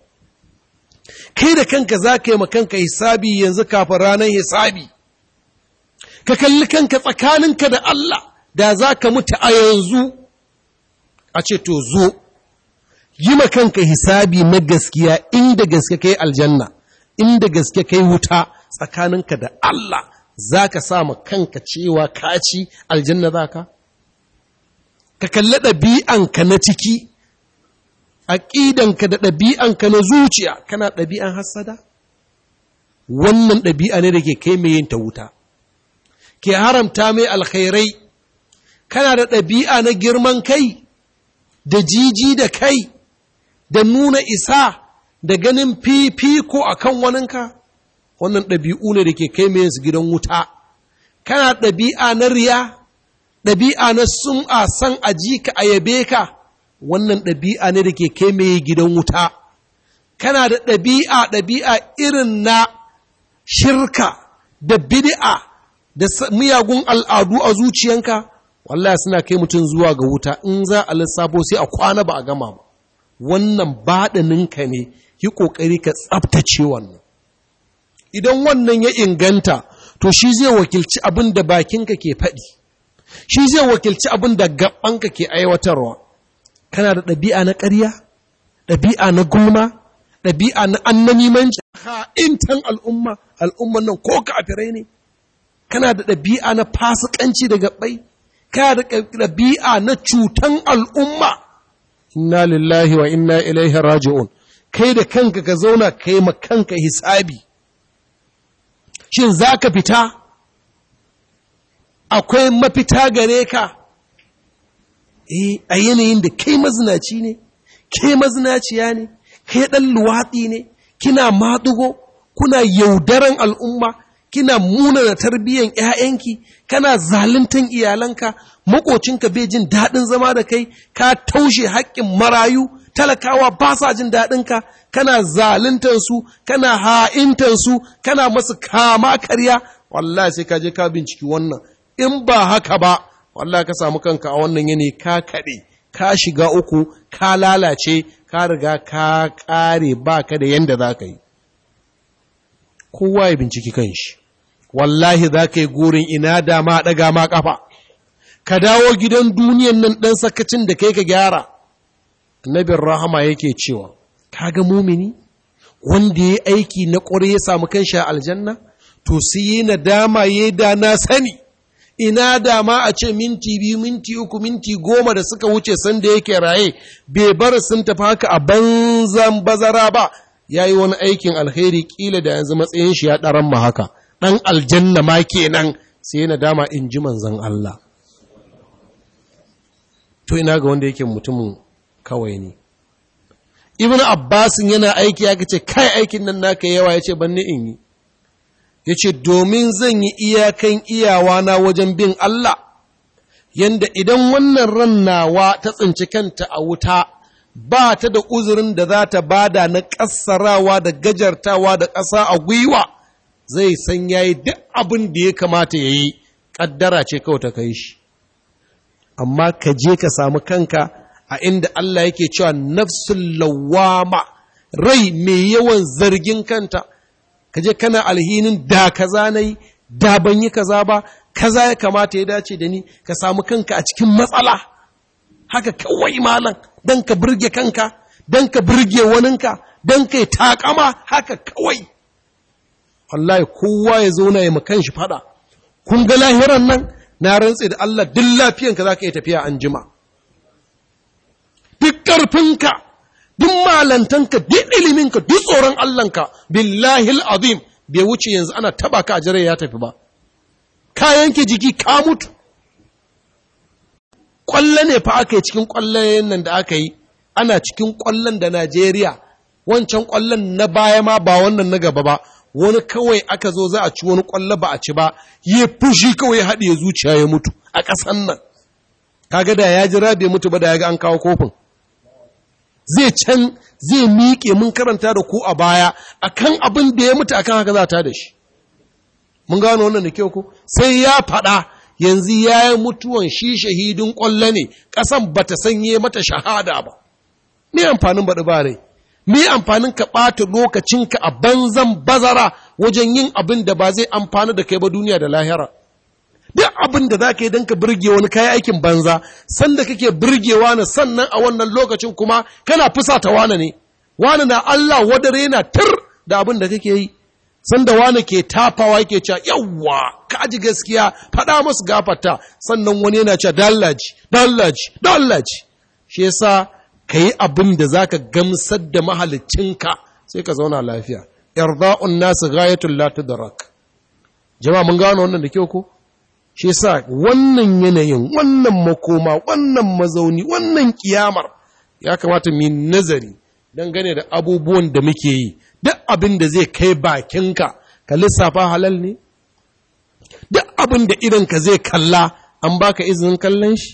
kai da kanka za ka yi kanka hisabi yanzu kafin ranar hisabi ka kalli kanka tsakaninka da Allah da za ka mutu a yanzu a ce to zo yi makanka hisabi na gaskiya inda gaske kai aljanna inda gaske kai wuta tsakaninka da Allah za ka sa kanka cewa kaci aljanna za ka? Ka kalli ɗabi'anka na ciki, aƙidanka da ɗabi'anka na zuciya, kana ɗabi'an hassada? Wannan ɗabi'a ne da ke kai mai yin ta wuta, ke haramta mai alkhairai kana da ɗabi'a na girman kai da jiji da kai da nuna isa da ganin fifiko a kan waninka wannan ɗabi'u ne da ke kai mai su gidan wuta kana ɗabi'a na riya ɗabi'a na sun, a san aji ka a yabe ka wannan ɗabi'a ne da ke kai mai gidan wuta kana da ɗabi'a ɗabi'a irin na shirka da bid'a da miyagun al'adu a zuciyanka wallahi suna kai mutum zuwa ga wuta in za a lissafo sai a kwana ba a gama ba wannan baɗininka ne yi ƙoƙari ka tsabtace wannan idan wannan ya inganta to shi zai wakilci abin da bakinka ke faɗi shi zai wakilci abin da gabanka ke aiwatarwa kana da ɗabi'a na ƙarya ɗabi'a na gulma ɗabi'a na annamimanci ha'intan al'umma al'umman nan ko kafirai ne kana da ɗabi'a na fasikanci da gaɓai kada riƙa ɗabi'a na cutan al'umma inna lillahi wa inna ilaihi raji'un kai da kanka ka zauna kai ma kanka hisabi shin za ka fita akwai mafita gare ka eh, a yanayin da kai mazinaci ne kai mazinaciya ne kai ɗan luwaɗi ne kina maɗugo kuna yaudaran al'umma kina munana tarbiyyan ‘ya'yanki, kana zaluntan iyalanka, makocinka bai jin daɗin zama da kai, ka taushe haƙƙin marayu, talakawa ba sa jin daɗinka, kana zaluntan su, kana ha'intan su, kana masu kama karya, wallahi sai ka je ka binciki wannan, in ba haka ba, wallahi ka samu kanka a wannan yanayi ka kaɗe, ka shiga uku, ka lalace, ka riga ka ƙare ba ka da yanda za ka yi. kowa ya binciki kanshi wallahi za ka yi gurin ina dama ɗaga ma ƙafa ka dawo gidan duniyan nan ɗan sakacin da kai ka gyara nabin rahama yake cewa ka ga mumini wanda ya aiki na ƙwarai ya samu kan sha aljanna to sai yi na dama ya da na sani ina dama a ce minti biyu minti uku minti goma da suka wuce sanda yake raye bai bar sun tafi haka a banzan bazara ba ya yi wani aikin alheri kila da yanzu matsayin shi ya ɗaran ma haka ɗan aljanna ma kenan sai na dama in ji manzan Allah to ina ga wanda yake mutumin kawai ne ibn abbasin yana aiki ya ce kai aikin nan naka yawa ya ce ban in yi ya ce domin zan yi iyakan iyawa na wajen bin Allah yanda idan wannan rannawa ta tsinci kanta a wuta ba ta da uzurin da za ta bada na ƙassarawa da gajartawa da ƙasa a gwiwa zai san yayi duk abin da ya kamata ya yi ƙaddara ce kawai ta kai shi amma ka je ka samu kanka a inda Allah yake cewa nafsul lawama rai mai yawan zargin kanta ka je kana alhinin da kaza nayi da ban yi kaza ba kaza ya kamata ya dace da ni ka samu kanka a cikin matsala haka kawai malam dan ka burge kanka dan ka burge waninka dan kai takama haka kawai wallahi kowa ya zo na ya makan shi fada kun ga lahiran nan na rantse da Allah duk lafiyanka za zaka yi tafiya an jima duk ƙarfinka duk ka duk ka duk tsoron ka billahi azim bai wuce yanzu ana taba ka a ya tafi ba ka yanke jiki ka mutu ƙwallo ne fa aka yi cikin ƙwallon nan da aka yi ana cikin kwallon da Najeriya wancan kwallon na baya ma ba wannan na gaba ba wani kawai aka zo za a ci wani kwallo ba a ci ba yi fushi kawai haɗe zuciya ya mutu a ƙasan nan kaga da ya jira bai mutu ba da ya ga an kawo kofin zai can zai miƙe mun karanta da ku a baya akan abin da ya mutu akan haka za ta da shi mun gano wannan da kyau ko sai ya faɗa yanzu ya yi mutuwan shi shahidin kwallo ne ƙasan ba ta sanye mata shahada ba ni amfanin baɗi ba rai mi amfanin ka ɓata lokacinka a banzan bazara wajen yin abin da ba zai amfani da kai ba duniya da lahira duk abin da za ka yi don ka birge wani kayan aikin banza sanda kake birgewa na sannan a wannan lokacin kuma kana ta wane ne wane na Allah wadare na tir da abin da kake yi sanda wane ke tafawa yake cewa yawwa ka ji gaskiya faɗa musu gafata sannan wani yana cewa dallaji dallaji dallaji shi yasa ka yi abin da za ka gamsar da mahalicinka sai ka zauna lafiya irda'un nasu tullata da rak. jama'a mun gano wannan da kyau ko shi sa wannan yanayin wannan makoma wannan mazauni wannan kiyamar ya kamata mu nazari dangane da abubuwan da muke yi duk abin da zai kai bakinka ka lissafa halal ne duk abin da idanka zai kalla an baka izinin kallon shi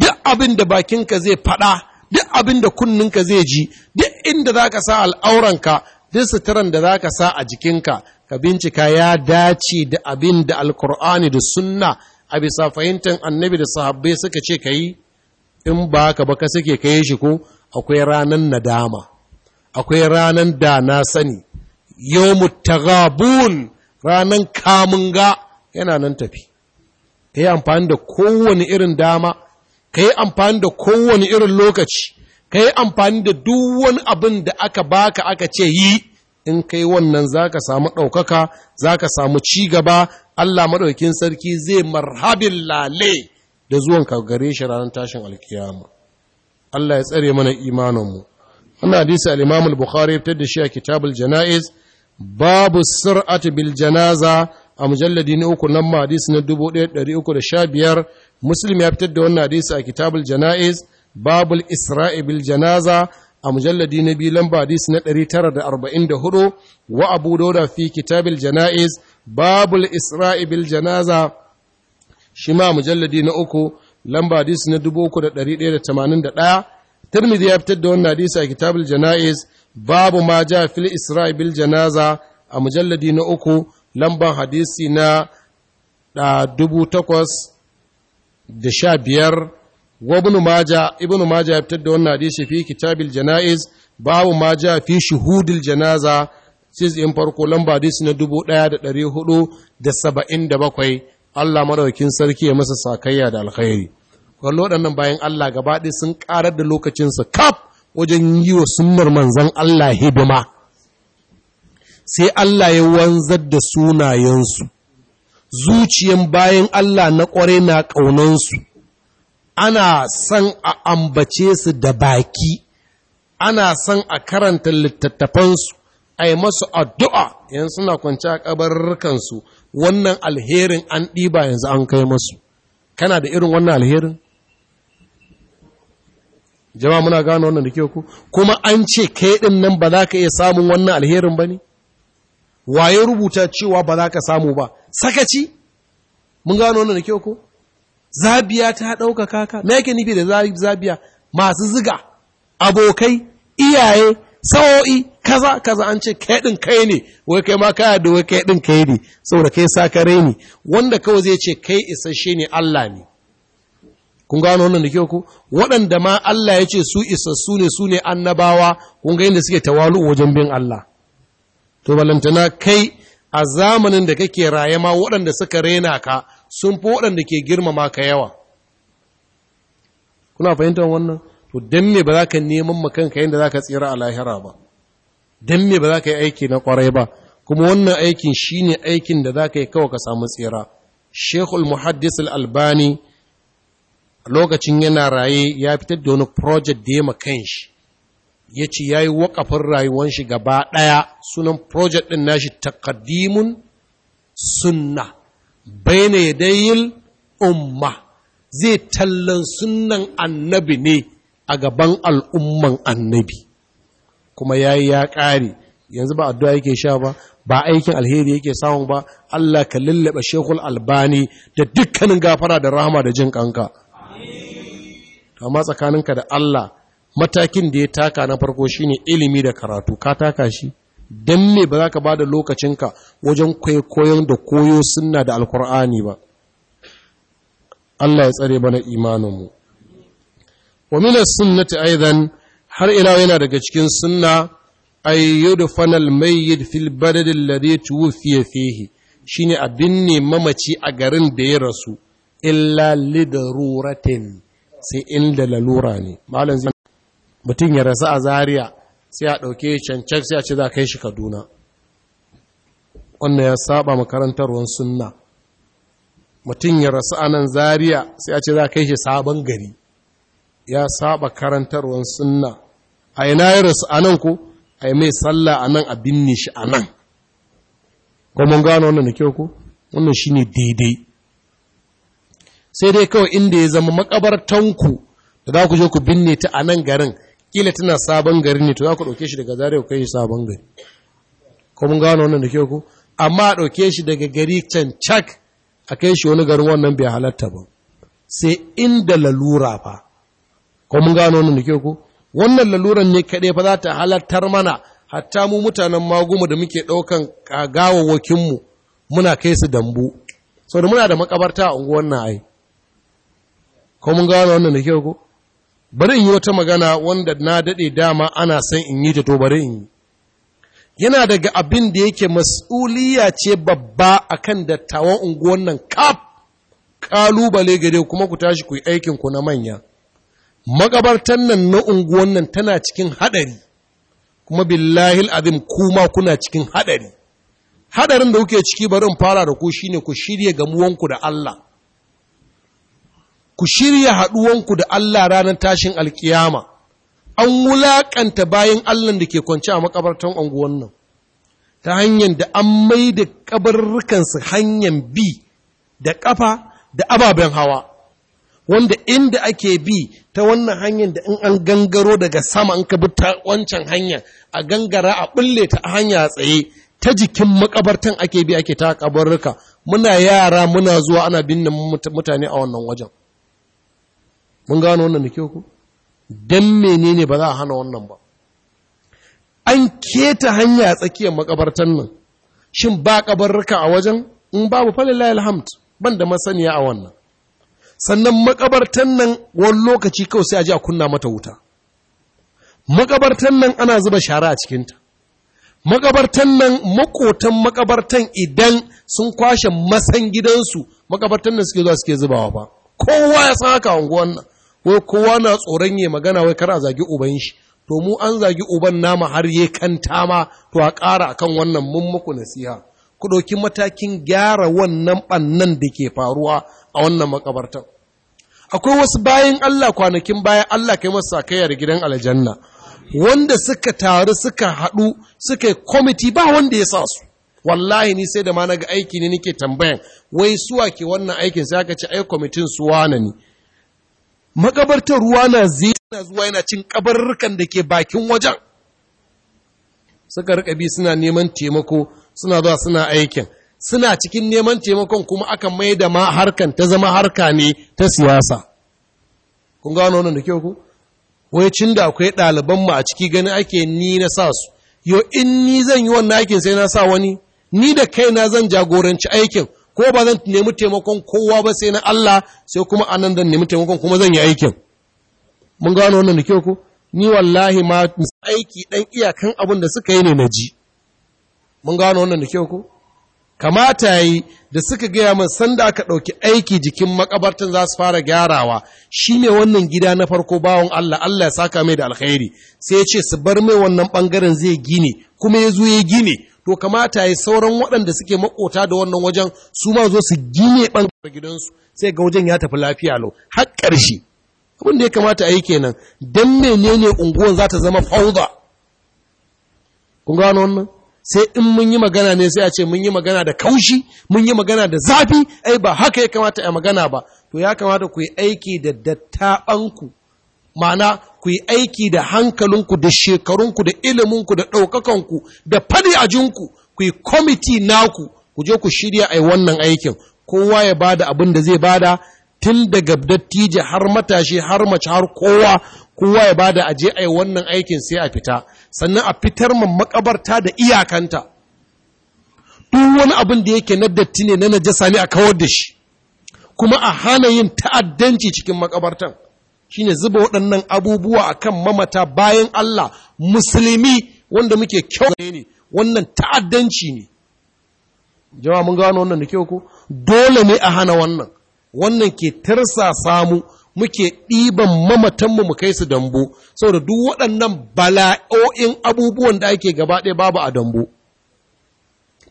duk abin da bakinka zai faɗa duk abin da kunninka zai ji duk inda za ka sa al'auranka duk suturan da za ka sa a jikinka ka bincika ya dace da abin da alkur'ani da sunna a bisa fahimtar annabi da sahabbai suka ce ka yi in ba ka ba ka suke ka yi shi ko akwai ranar nadama akwai ranar da na sani yau ranan ranar ga yana nan tafi ka yi amfani da kowane irin dama ka yi amfani da kowane irin lokaci ka yi amfani da duk wani abin da aka baka aka ce yi in ka yi wannan za ka samu ɗaukaka za ka samu ci gaba allah maɗaukin sarki zai marhabin lale da zuwan ka gare shi ranar tashin alkiyama allah ya tsare mana imaninmu wannan hadisi al-imam bukhari ya fitar da shi a kitabul jana'iz babu sir'at bil janaza a mujalladi na uku nan ma hadisi na 1315 muslim ya fitar da wannan hadisi a kitabul jana'iz babul isra'i bil janaza a mujalladi na biyu lamba hadisi na 944 wa abu dauda fi kitabil jana'iz babul isra'i bil janaza shi ma mujalladi na uku lamba hadisi na 3181 tirmidhi ya fitar da wannan hadisi a kitabul jana'iz babu ma ja fil isra'i bil janaza a mujalladi na uku lambar hadisi na dubu takwas da sha biyar wa ibn maja ibn maja ya fitar da wannan hadisi fi kitabil janaiz babu maja fi shuhudil janaza in farko lamba hadisi na dubu ɗaya da ɗari hudu da saba'in da bakwai Allah maraukin sarki ya masa sakayya da alkhairi kwallo waɗannan bayan Allah gaba ɗaya sun ƙarar da lokacinsa kaf wajen yi wa sunnar manzan Allah hidima sai Allah ya wanzar da sunayensu zuciyan bayan Allah na ƙware na ƙaunansu ana son a ambace su da baki ana son a karanta littattafansu a yi masu addu'a yanzu suna kwanci a ƙabarrukansu wannan alherin an ɗiba yanzu an kai masu kana da irin wannan alherin? jama'a muna gano wannan da ke ku kuma an ce kai ɗin nan ba za ka iya samun wannan alherin ba ne? waye rubuta cewa ba za ka samu ba sakaci mun gano wannan da kyau ko zabiya ta ɗaukaka kaka me yake nufi da zabiya masu ziga abokai iyaye sa'o'i kaza kaza an ce kai ɗin kai ne wai kai ma kaya da wai kai ɗin kai ne saboda kai sakare ne wanda kawai zai ce kai isasshe ne Allah ne kun gano wannan da kyau ko waɗanda ma Allah ya ce su isassu ne su ne annabawa kun ga da suke tawalu wajen bin Allah to balantana kai a zamanin da kake raye ma waɗanda suka rena ka sun fi waɗanda ke girmama ka yawa kuna fahimtar wannan to don me ba za ka neman makanka yadda za ka tsira a lahira ba don me ba za ka yi aiki na ƙwarai ba kuma wannan aikin shine aikin da za ka yi kawai ka samu tsira shekul muhaddis albani lokacin yana raye ya fitar da wani project da ya makan shi ya ce ya yi waƙafin rayuwan shi gaba ɗaya sunan project ɗin nashi takaddimun sunna baina yadayil umma zai tallan sunnan annabi ne a gaban al'umman annabi kuma ya yi ya ƙare yanzu ba addu'a yake sha ba ba aikin alheri yake samun ba Allah ka lullaba shekul albani da dukkanin gafara da rahama da jin kanka amma tsakaninka da Allah matakin da ya taka na farko shine ilimi da karatu ka taka shi dan me ba za ka bada lokacinka wajen kwaikwayon da koyo sunna da alkur'ani ba Allah ya tsare mana imaninmu wa min as-sunnati aidan har ila yana daga cikin sunna ay yudfana al-mayyit fil balad alladhi tuwfiya fihi shine abinne ne mamaci a garin da ya rasu illa lidaruratin sai inda lalura ne malam mutum ya rasu a zariya sai a ɗauke cancak sai a ce za a kai shi kaduna wannan ya saba makarantarwar sunna mutum ya rasu a nan zariya sai a ce za a kai shi sabon gari ya saba karantarwar sunna a ina ya rasu a nan ko a mai sallah a nan a binne shi a nan kuma gano wannan da kyau ko wannan shi ne daidai sai dai kawai inda ya zama makabartanku da za ku je ku binne ta a nan garin kila tana sabon gari ne to za ku ɗauke shi daga zare ku kai shi sabon gari ko mun gano wannan da kyau ku amma a ɗauke shi daga gari can cak a kai shi wani garin wannan bai halatta ba sai inda lalura fa ko mun gano wannan da kyau ku wannan laluran ne kaɗai fa za ta halattar mana hatta mu mutanen magumu da muke ɗaukan gawawwakinmu muna kai su dambu sau da muna da makabarta a unguwan na ai kuma mun gano wannan da kyau ku. bari yi wata magana wanda na daɗe dama ana san in yi ta to bari in yi yana daga abin da yake mas'uliya ce babba akan dattawan unguwan nan kaf kalubale gare kuma ku tashi ku yi aikin ku na manya makabartan nan na unguwan nan tana cikin haɗari kuma billahi azim kuma kuna cikin haɗari. hadarin da kuke ciki bari in fara da ku shine ku shirye gamuwanku da Allah ku shirya haɗuwanku da Allah ranar tashin alkiyama an wulaƙanta bayan Allah da ke kwance a makabartan unguwan nan ta hanyar da an mai da ƙabarrukansu hanyar bi da ƙafa da ababen hawa wanda inda ake bi ta wannan hanyar da in an gangaro daga sama an ka ta wancan hanya, a gangara a ɓulle ta hanya tsaye ta jikin makabartan ake bi ake ta ƙabarruka, muna yara muna zuwa ana binne mutane a wannan wajen mun gano wannan da kyau ku don menene ba za a hana wannan ba an keta hanya a tsakiyar makabartan nan shin ba kabarruka a wajen in babu falilahi alhamd ban da masaniya a wannan sannan makabartan nan wani lokaci kawai sai a ji a kunna mata wuta makabartan nan ana zuba shara a cikinta makabartan nan makotan makabartan idan sun kwashe masan gidansu makabartan nan suke zuwa suke zubawa ba kowa ya san haka unguwan nan wai kowa na tsoron ya magana wai kar a zagi uban shi to mu an zagi uban nama har ya kanta ma to a ƙara akan wannan mun muku nasiha ku ɗauki matakin gyara wannan ɓannan da ke faruwa a wannan makabartan akwai wasu bayan Allah kwanakin baya Allah kai masu sakayyar gidan aljanna wanda suka taru suka haɗu suka yi kwamiti ba wanda ya sa su wallahi ni sai da ma naga aiki ne nake tambayan wai suwa ke wannan aikin sai aka ce ai kwamitin su wane ne makabartar ruwa na zina zuwa yana cin kabarrukan da ke bakin wajen suka rika suna neman taimako suna zuwa suna aikin suna cikin neman taimakon kuma aka mai da ma harkan ta zama harka ne ta siyasa kun gano wannan da kyau ku wai cin da akwai ɗaliban mu a ciki ganin ake ni na sa su yo in ni zan yi wannan aikin sai na sa wani ni da kaina zan jagoranci aikin ko ba zan nemi taimakon kowa ba sai na Allah sai kuma anan zan nemi taimakon kuma zan yi aikin mun gano wannan da kyau ko ni wallahi ma aiki dan iyakan abin da suka yi ne na ji mun gano wannan da kyau ko kamata yi da suka gaya min sanda aka ɗauki aiki jikin makabartan za su fara gyarawa shi ne wannan gida na farko bawon Allah Allah ya saka mai da alkhairi sai ya ce su bar mai wannan ɓangaren zai gine kuma ya zo ya gine to kamata ya sauran waɗanda suke makota da wannan wajen su ma zo su gine ɓangar gidansu sai ga wajen ya tafi lafiya lau har ƙarshe abin da ya kamata a yi kenan don menene unguwan za ta zama fauda kun gano wannan sai in mun yi magana ne sai a ce mun yi magana da kaushi mun yi magana da zafi ai ba haka ya kamata a magana ba to ya kamata ku yi aiki da dattaɓanku ma'ana ku yi aiki da hankalinku da shekarunku da iliminku da ɗaukakanku da fari ajinku ku yi kwamiti naku ku je ku shirya a wannan aikin kowa ya bada abin da zai bada tun daga dattijo har matashi har mace har kowa kowa ya bada a je a yi wannan aikin sai a fita sannan a fitar man makabarta da iyakanta duk wani abin da yake na datti ne na najasa ne a kawar da shi kuma a hana yin ta'addanci cikin makabartan Shi ne zuba waɗannan abubuwa akan mamata bayan Allah musulmi wanda muke kyau ne wannan ta'addanci ne jama'a mun gano wannan da kyau ko dole ne a hana wannan wannan ke tarsa samu muke ɗiban mamatanmu mu kai su dambo saboda duk waɗannan bala'o'in abubuwan da ake gaba ɗaya babu a dambu.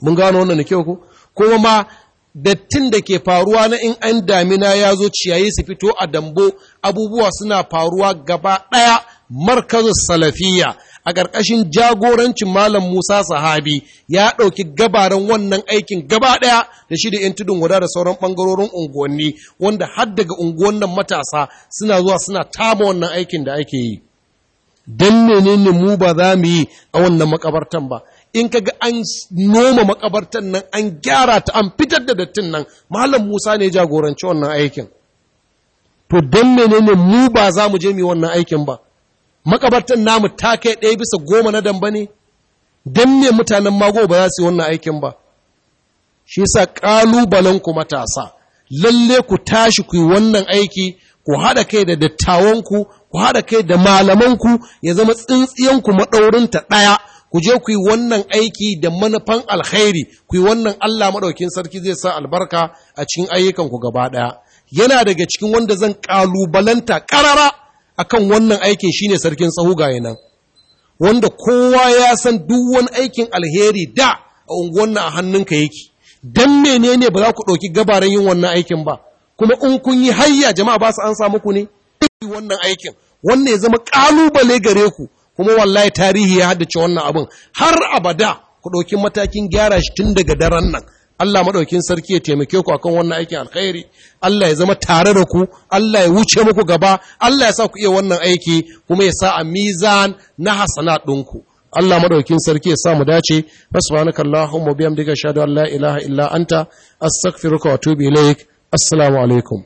mun gano wannan da kyau ko kuma ma dattin da ke faruwa na in an damina ya zo ciyayi su fito a dambo abubuwa suna faruwa gaba ɗaya markazin salafiya a ƙarƙashin jagorancin malam musa sahabi ya ɗauki gabaran wannan aikin gaba ɗaya da shi da 'yan tudun guda da sauran ɓangarorin unguwanni wanda har daga unguwannan matasa suna zuwa suna tama wannan aikin da ake yi don menene mu ba za mu yi a wannan makabartan ba in kaga an noma makabartan nan an gyara ta an fitar da dattin nan malam Musa ne jagoranci wannan aikin to don menene mu ba za mu je mu wannan aikin ba makabartan namu ta kai ɗaya bisa goma na damba ne don me mutanen mago ba za su yi wannan aikin ba shi yasa ƙalubalen ku matasa lalle ku tashi ku yi wannan aiki ku haɗa kai da dattawanku ku haɗa kai da malamanku ya zama tsintsiyanku maɗaurinta ɗaya ku je ku yi wannan aiki da manufan alkhairi ku yi wannan Allah maɗaukin sarki zai sa albarka a cikin ayyukan ku gaba ɗaya yana daga cikin wanda zan ƙalubalanta ƙarara akan wannan aikin shine sarkin tsaho ga nan wanda kowa ya san duk wani aikin alheri da a unguwanna a hannunka yake dan menene ba za ku ɗauki gabaran yin wannan aikin ba kuma in kun yi hayya jama'a ba su an samu ku ne wannan aikin wannan ya zama ƙalubale gare ku kuma wallahi tarihi ya haddace wannan abin har abada ku ɗauki matakin gyara shi tun daga daren nan Allah maɗaukin sarki ya taimake ku akan wannan aikin alkhairi Allah ya zama tare da ku Allah ya wuce muku gaba Allah ya sa ku iya wannan aiki kuma ya sa a mizan na hasana ɗinku Allah maɗaukin sarki ya sa mu dace subhanaka allahumma bihamdika shadu an la ilaha illa anta astaghfiruka wa atubu ilaik assalamu alaikum